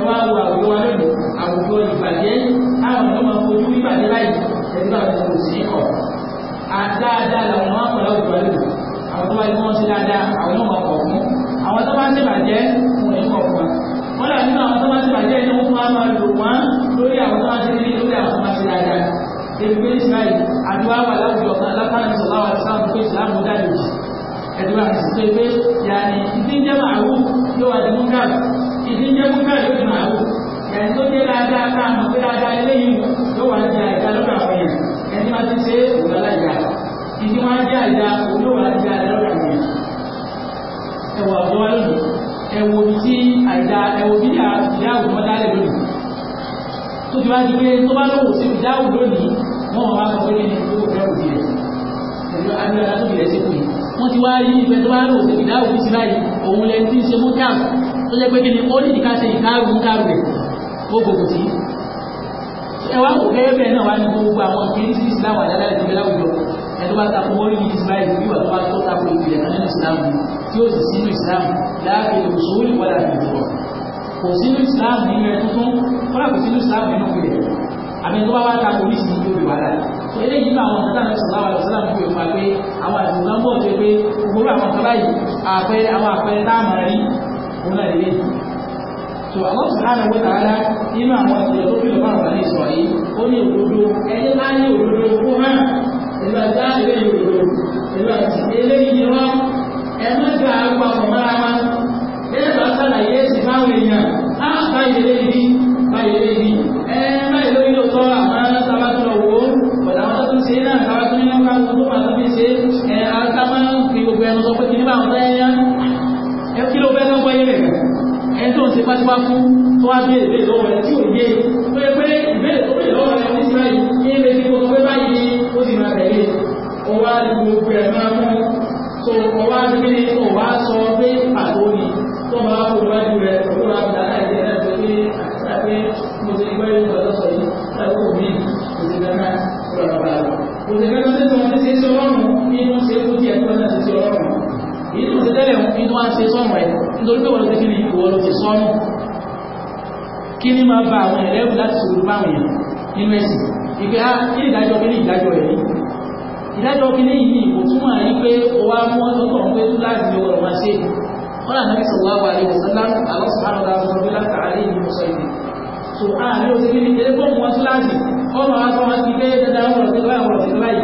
[SPEAKER 2] ẹ wá lu àwùjọ wa lónìí àwùjọ ìbàjẹ́ àwọn ọmọ ojú bíbàjẹ́ láì ẹ̀dá àti òkú sí ọ̀ àdáadáa làwọn máa ń pẹ̀lú àwùjọ lò àwọn tó bá yẹ kí wọ́n ṣe dáadáa àwọn yóò máa kọ̀ fún àwọn tó bá ń ṣèbàjẹ́ wọn ò ní kọ̀ fún wa wọ́n làwọn nínú àwọn tó bá ń ṣèbàjẹ́ ní wọ́n máa máa lò wọ́n lórí àwọn tó bá ń ṣe ní lórí àwọn tó bá ń ṣe dáadáa èmi pé israẹli àdúrà wà láwùjọ kan lápára ní sọlá wà sáwọn pé ìsìlámù dáadé jù ẹ̀dùn àti ṣe pé yàní ìdíjẹ́ màálù yóò wà ní múkàlù ìdíjẹ́ múkàlù yóò di màálù ẹni tó jẹ́ dáadáa ká mọ̀ pé dáadáa eléyìí ló wà ní àìdá lọ́dọ̀ àwọn èèyàn ẹni máa ti ṣe òun lọ́la ìyá ìdí máa ń jẹ́ àìdá olówó àti àìdá lọ́rọ̀ àwọn èèyàn ẹwà ọ̀dọ́ wa lónìí ẹwọ tí àìdá ẹwọ bí ìdá àwùjọ dálẹ̀ lónìí tó fi wá di pé tó bá lówó sí ìdá àwùjọ lónìí wọ́n máa sọ pé ní ìdókòwò fẹ́ òbí rẹ̀ ẹ̀rọ agbára tó fi rẹ̀ sí kùn wọ́n ti wá rí ìfẹ́ tó bá lówó sí ìdá àwùjọ sí báyìí òun lẹ ti ń ṣe mọ́tàm tó jẹ́ pé kí ni ó ní ìka ṣe ìkárù ìkárù rẹ̀ ó gbogbo tí ẹwà kò gẹ́gẹ́ bẹ́ẹ̀ náà wá ní gbogbo àwọn kìí sí ìsìláwọ̀ àdáláyé tó fi láwùjọ ẹ̀tọ́ bá takò wọ́n rí ismail wíwà tó bá tó takò ìpìlẹ̀ kan nínú islam tí ó sì sínú islam láàbí ìrùsùn ìwádà ìjọba kò sínú islam nínú ẹ̀ tuntun kọ́lá kò sínú islam nínú ìpìlẹ̀ àmì tó bá wá takò ní ìsìn yóò wà láì tó ilé yìí àwọn ọ̀tá náà sọ̀rọ̀ àwọn ọ̀sán náà fún ìpa pé àwọn àdùnnà ń bọ̀ tó pé gbogbo àwọn ọ̀tá báyìí àpẹẹrẹ àwọn àpẹẹrẹ táàmù rí òun náà ìlú ẹ̀dá ilé ìwòrò ìlú ẹ̀dá ilé ìyẹwà ẹ̀mẹ́ta àpapọ̀ mọ́ra wa bẹ́ẹ̀ bá sàlàyé sí fáwọn èèyàn á báyìí lé ibi báyìí lé ibi ẹ báyìí lórí lóòótọ́ àwọn sábàtúrọ̀ wò ó pẹ̀lú àwọn tó tún ṣe náà sábàtúrọ̀ yẹn ká gbogbo àwọn tó fi ṣe ẹ àtàwọn fi gbogbo ẹnu sọ pé kí ní bá àwọn táyé yá ẹ kí ló bẹ́ẹ̀ lọ́gbọ́ yẹn rẹ̀ ẹ tó ń ṣe pátápátá fún wá bí ìbéèrè lọ́wọ́ rẹ̀ tí ò yé pé pé ìbéèrè tó wá ní gbogbo ẹ̀ máa mú ọwá ní bí o wá sọ pé pàtó ni tó máa kó rẹ̀ òun ra gbà láì jẹ́ láti pé láti kò bá lọ. kò sí gánà tó tẹ̀sán kí ni kí ni máa ba ìdájọ́ kí ní ìlú kò túmọ̀ ní pé ó wá mú wọn tó tọ̀hún pé tó láti ní ọ̀rọ̀ máa ṣe wọn àná bí sọ̀rọ̀ wà ní ìwòsàn alọ́sàn aláwọ̀ bí láti àárẹ̀ ìlú sọ ìlú so àárín ó ti ní ilé pọ̀ mú wọn tó láti ọmọ akọ wọn ti pé dandan ọ̀rọ̀ ti láì ọ̀rọ̀ ti láì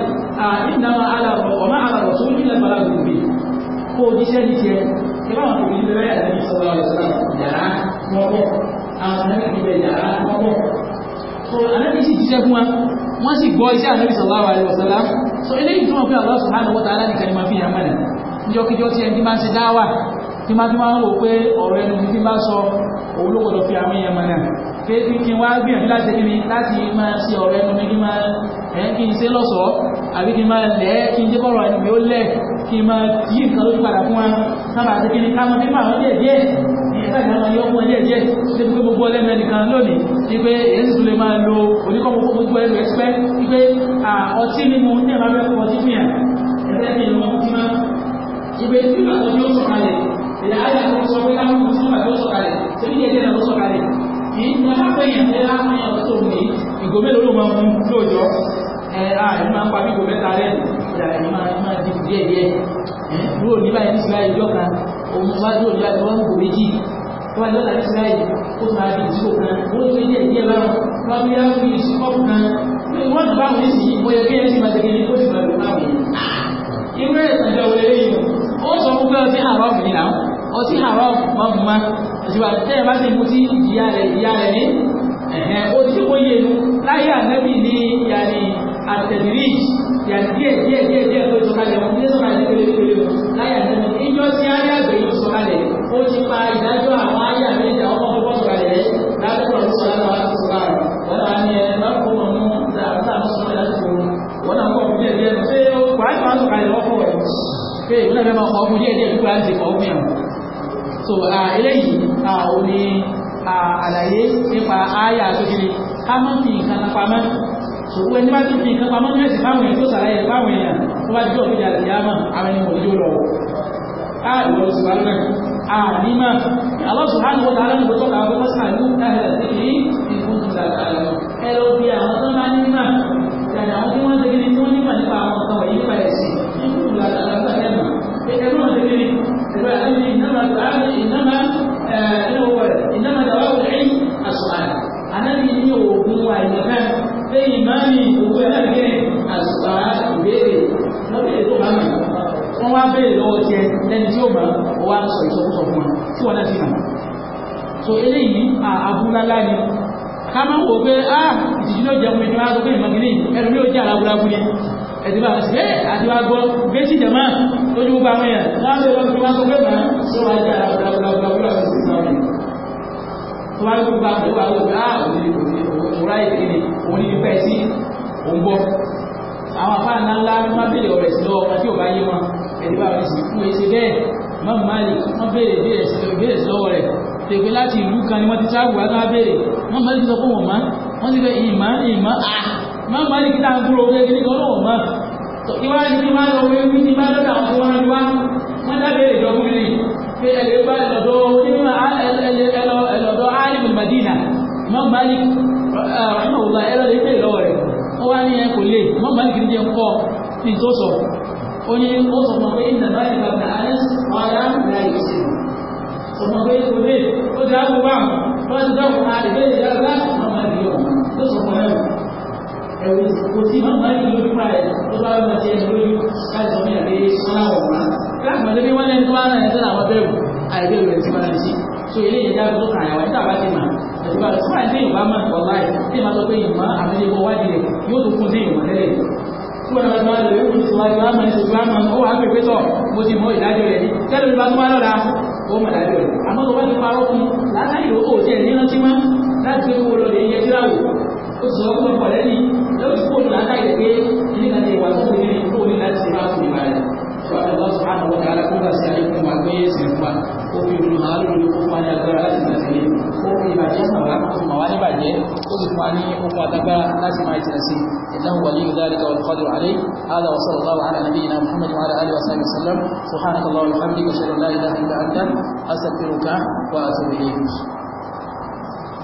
[SPEAKER 2] àìdáwà aláwọ̀ ọmọ àràwọ̀ tó ní lẹ́gbàlá gbogbo kó o jíṣẹ́ ní jẹ ìbáwọn tó ní bẹ̀rẹ̀ àti sọ̀rọ̀ ìsọ̀rọ̀ yàrá wọn bọ̀ àwọn àlẹ́bí bẹ̀ yàrá wọn bọ̀ so àlẹ́bí sì jíṣẹ́ fún wa wọ́n sì gbọ́ iṣẹ́ àlẹ́bí sọ̀rọ̀ àwọn àlẹ́bí sọ̀rọ̀ so eléyìí túmọ̀ pé Allah subhanahu wa ta'ala nìkan ni máa fi yàn mọ́lẹ̀ níjọ́kíjọ́ tí ẹni tí máa ń ṣe dáwà tí máa ti máa ń rò pé ọ̀rọ̀ ẹnu tí máa sọ òun ló gbọdọ̀ fi àwọn èèyàn mọ́lẹ̀ kéèkì kí wá gbìyànjú láti kí ni láti máa ṣe ọ̀rọ̀ ẹnu mi kí máa ẹ̀ kí n ṣe lọ́sọ̀ọ́ àbí kí n máa lẹ̀ ẹ́ kí n jẹ́ kọ́rọ̀ ẹnu mi ó lẹ̀ kí n máa yí nǹkan lójú padà fún wa sábà ṣe kí ni ká mọ́ fí máa ń lè díẹ̀ ìfẹ́ta máa yọ ọmọ díẹ̀ díẹ̀ tí pé gbogbo ọlẹ́mẹ nìkan lónìí ní pé èyí tó lè máa lo oníkọ́mọkọ́ gbogbo ẹlò ẹ̀sìpẹ́ ní pé ọtí mímu ní ẹ̀ma bẹ́ẹ̀ ọtí fún yà ẹ̀fẹ́ kí ni wọ́n ti máa ní pé tí ó kò sígbà tó ọjà ẹ̀ máa máa di díẹ̀ díẹ̀ ẹ̀ dúró ní báyìí ní síláyì ìjọ kan òun wá dúró ní báyìí wọ́n ń kò méjì tó bá dọ́là ní síláyì ó máa di ìdíwò kan wọ́n ń méjì ẹ̀díẹ̀ báwọn wọ́n á fi yá fún ìṣú wọ́n ti báwọn èsì yìí bóyá kí ẹ̀sìn máa tẹ̀lé ó sì máa lò báwọn irú ẹ̀ ìjọ wọlé lẹ́yìn ó sọ fún pé ọtí haram ni náà ọtí haram máa mú ma ìṣèwà tẹ́lẹ̀ bá ti mú sí ìyá rẹ̀ ìyá rẹ̀ ní ó ti kó yé nu láyé ànábì ní yàrá àtẹ̀dírìjì yàtí díẹ̀ díẹ̀ díẹ̀ díẹ̀ tó sọ̀kalẹ̀ wọn tí sọ̀kalẹ̀ ní pèlépèlé wọn láyà nínú ìjọ tí ayé àgbẹ̀ yóò sọ̀kalẹ̀ ó ti pa ìdájọ́ àwọn ayé àmẹ́jà ọmọ ọgbọ́n sọ̀kalẹ̀ rẹ̀ lábẹ́kọ̀ọ́ sọ̀kalẹ̀ wọn ti sọ̀kalẹ̀ wọn náà ní ẹ lọ́kùn wọn mú ìdàgbàsá sọ̀kalẹ̀ láti wọ wọn náà kọ̀ fún díẹ̀ díẹ̀ pé ó wàá máa sọ̀kalẹ̀ ọkọ̀ rẹ̀ pé ìwé náà fẹ́ máa kọ́ fún díẹ̀ díẹ̀ pípa ti kọ́ fún yàn so eléyìí òní àlàyé nípa ayé àtòkiri ká má fi nǹkan pamọ́ sòwò ẹni bá ti fi nǹkan pamọ́ ní ẹ̀sìn fáwọn èèyàn tó sàlàyé ẹ̀ fáwọn èèyàn tó bá jọ òkèjà àti àmà àwọn ẹni wọ̀nyí yóò lọ wọ̀ á lọ sí wa náà á ní mà Allah subhanahu wa ta'ala ní kò tọ́ka àwọn tó sàlù ẹ̀hẹ̀ ńlá ńlá ni ká máa ń wò pé á ìtìjú ló jẹun ìjọba tó pé ìmọ̀gìrì ẹnu yóò jẹ́ aláwúláwú ni ẹ̀dùn bá ṣe àti wá gbọ́ méjì jẹ̀mọ́ lójú gbogbo àwọn èèyàn wọ́n ṣe lọ́wọ́ pé wọ́n sọ pé màá tó wá jẹ́ aláwúláwú láti ṣe ìgbà wọn. tó wá gbogbo àwọn ìwà wò pé á òun ráyè kéde òun ní fẹ́ sí òun gbọ́. àwọn afá ńlá ńlá má béèrè ọ̀rẹ́ sí lọ́wọ́ wọn tí ò bá yé wọn ẹ̀dùn bá wọn ṣe fún ẹsẹ̀ bẹ́ẹ̀ má má lè wọ́n béèrè béèrè sí lọ́wọ́ rẹ̀ tẹ̀gbẹ́ láti ìlú kan ni wọ́n ti sáàbù wá náà béèrè wọ́n máa ń sọ fún wọn mọ́ wọ́n ti fẹ́ ìmọ̀ ìmọ̀ à máa máa ní kí náà gbúrò wọlé kí nìkan náà mọ́ ìwádìí ti máa lọ wéwí ti máa lọ́dọ̀ àwọn ọmọ wọn wá wọ́n dábẹ́rẹ̀ ìjọ fún mi pé ẹ̀lẹ́ bá ẹ̀lọ́dọ̀ onímọ̀ ẹ̀lọ́dọ̀ alim madina Imam Malik rahimahullah ẹ̀rọ lè pè lọ́wọ́ rẹ̀ wọ́n wá ní ẹ kò lè Imam Malik ní jẹun kọ́ ní tó sọ ó ní ó sọ fún ọ pé ìnàbáyé bàbá àlẹ́ ọ̀rá láì sí ọmọ pé kò lè ó ti àgbò bá wọn ti dáhùn ara rẹ̀ lè yára láti ọmọ máa di ọmọ tó sọ fún ẹ̀rù ẹ̀rù kò sí máa máa di lórí pa rẹ̀ tó bá wọn ti ẹni lórí láti ọmọ ìyàgbé ọláwọ̀ wọn. láti mọ̀ débi wọ́n lẹ́nu tó máa ń rìn sí àwọn bẹ́ẹ̀rù àìbẹ́ẹ̀rù rẹ̀ ti máa ń sí so ilé ìjà tó kàn yà wá níta bá ti mà ẹ̀sùn bá tó máa ní ìwà máa tọ̀ láì tí ìmá sọ pé ìmọ̀ àwọn ilé ìwọ̀ wájú rẹ̀ yóò tó kún sí ìmọ̀ tẹ́lẹ̀ tí wọ́n bá lọ ìwé ìwé ìwádìí wá máa ń ṣe ìwádìí wá máa ń ó wà á pèpè tọ̀ mo ti mọ ìdájọ́ rẹ̀ tẹ́lẹ̀ mi bá tó máa lọ́ra ó mọ̀ dájú rẹ̀ àmọ́ tó bá ti parọ́ fún látàrí ìrókò tí ẹ̀ ní rántí má láti pé kó lọ lè yẹ kí láwò ó sì sọ fún ọ̀pọ̀ lẹ́ni yóò ti kó nù látàrí rẹ̀ pé nígbà tí ìwà tó ti rí kó ní láti ṣe bá fún ìbàrẹ̀ kọ́lá lọ́wọ́ sọ́hánà wọ́n tààrà kó bá sí àlékún wa gbé ẹ̀sìn wa ó fi ìlú hàn lórí ó fún wa ní agbára láti máa tẹ̀lé ó fi ìbàjẹ́ sàrà ó fi
[SPEAKER 1] màwá níbàjẹ́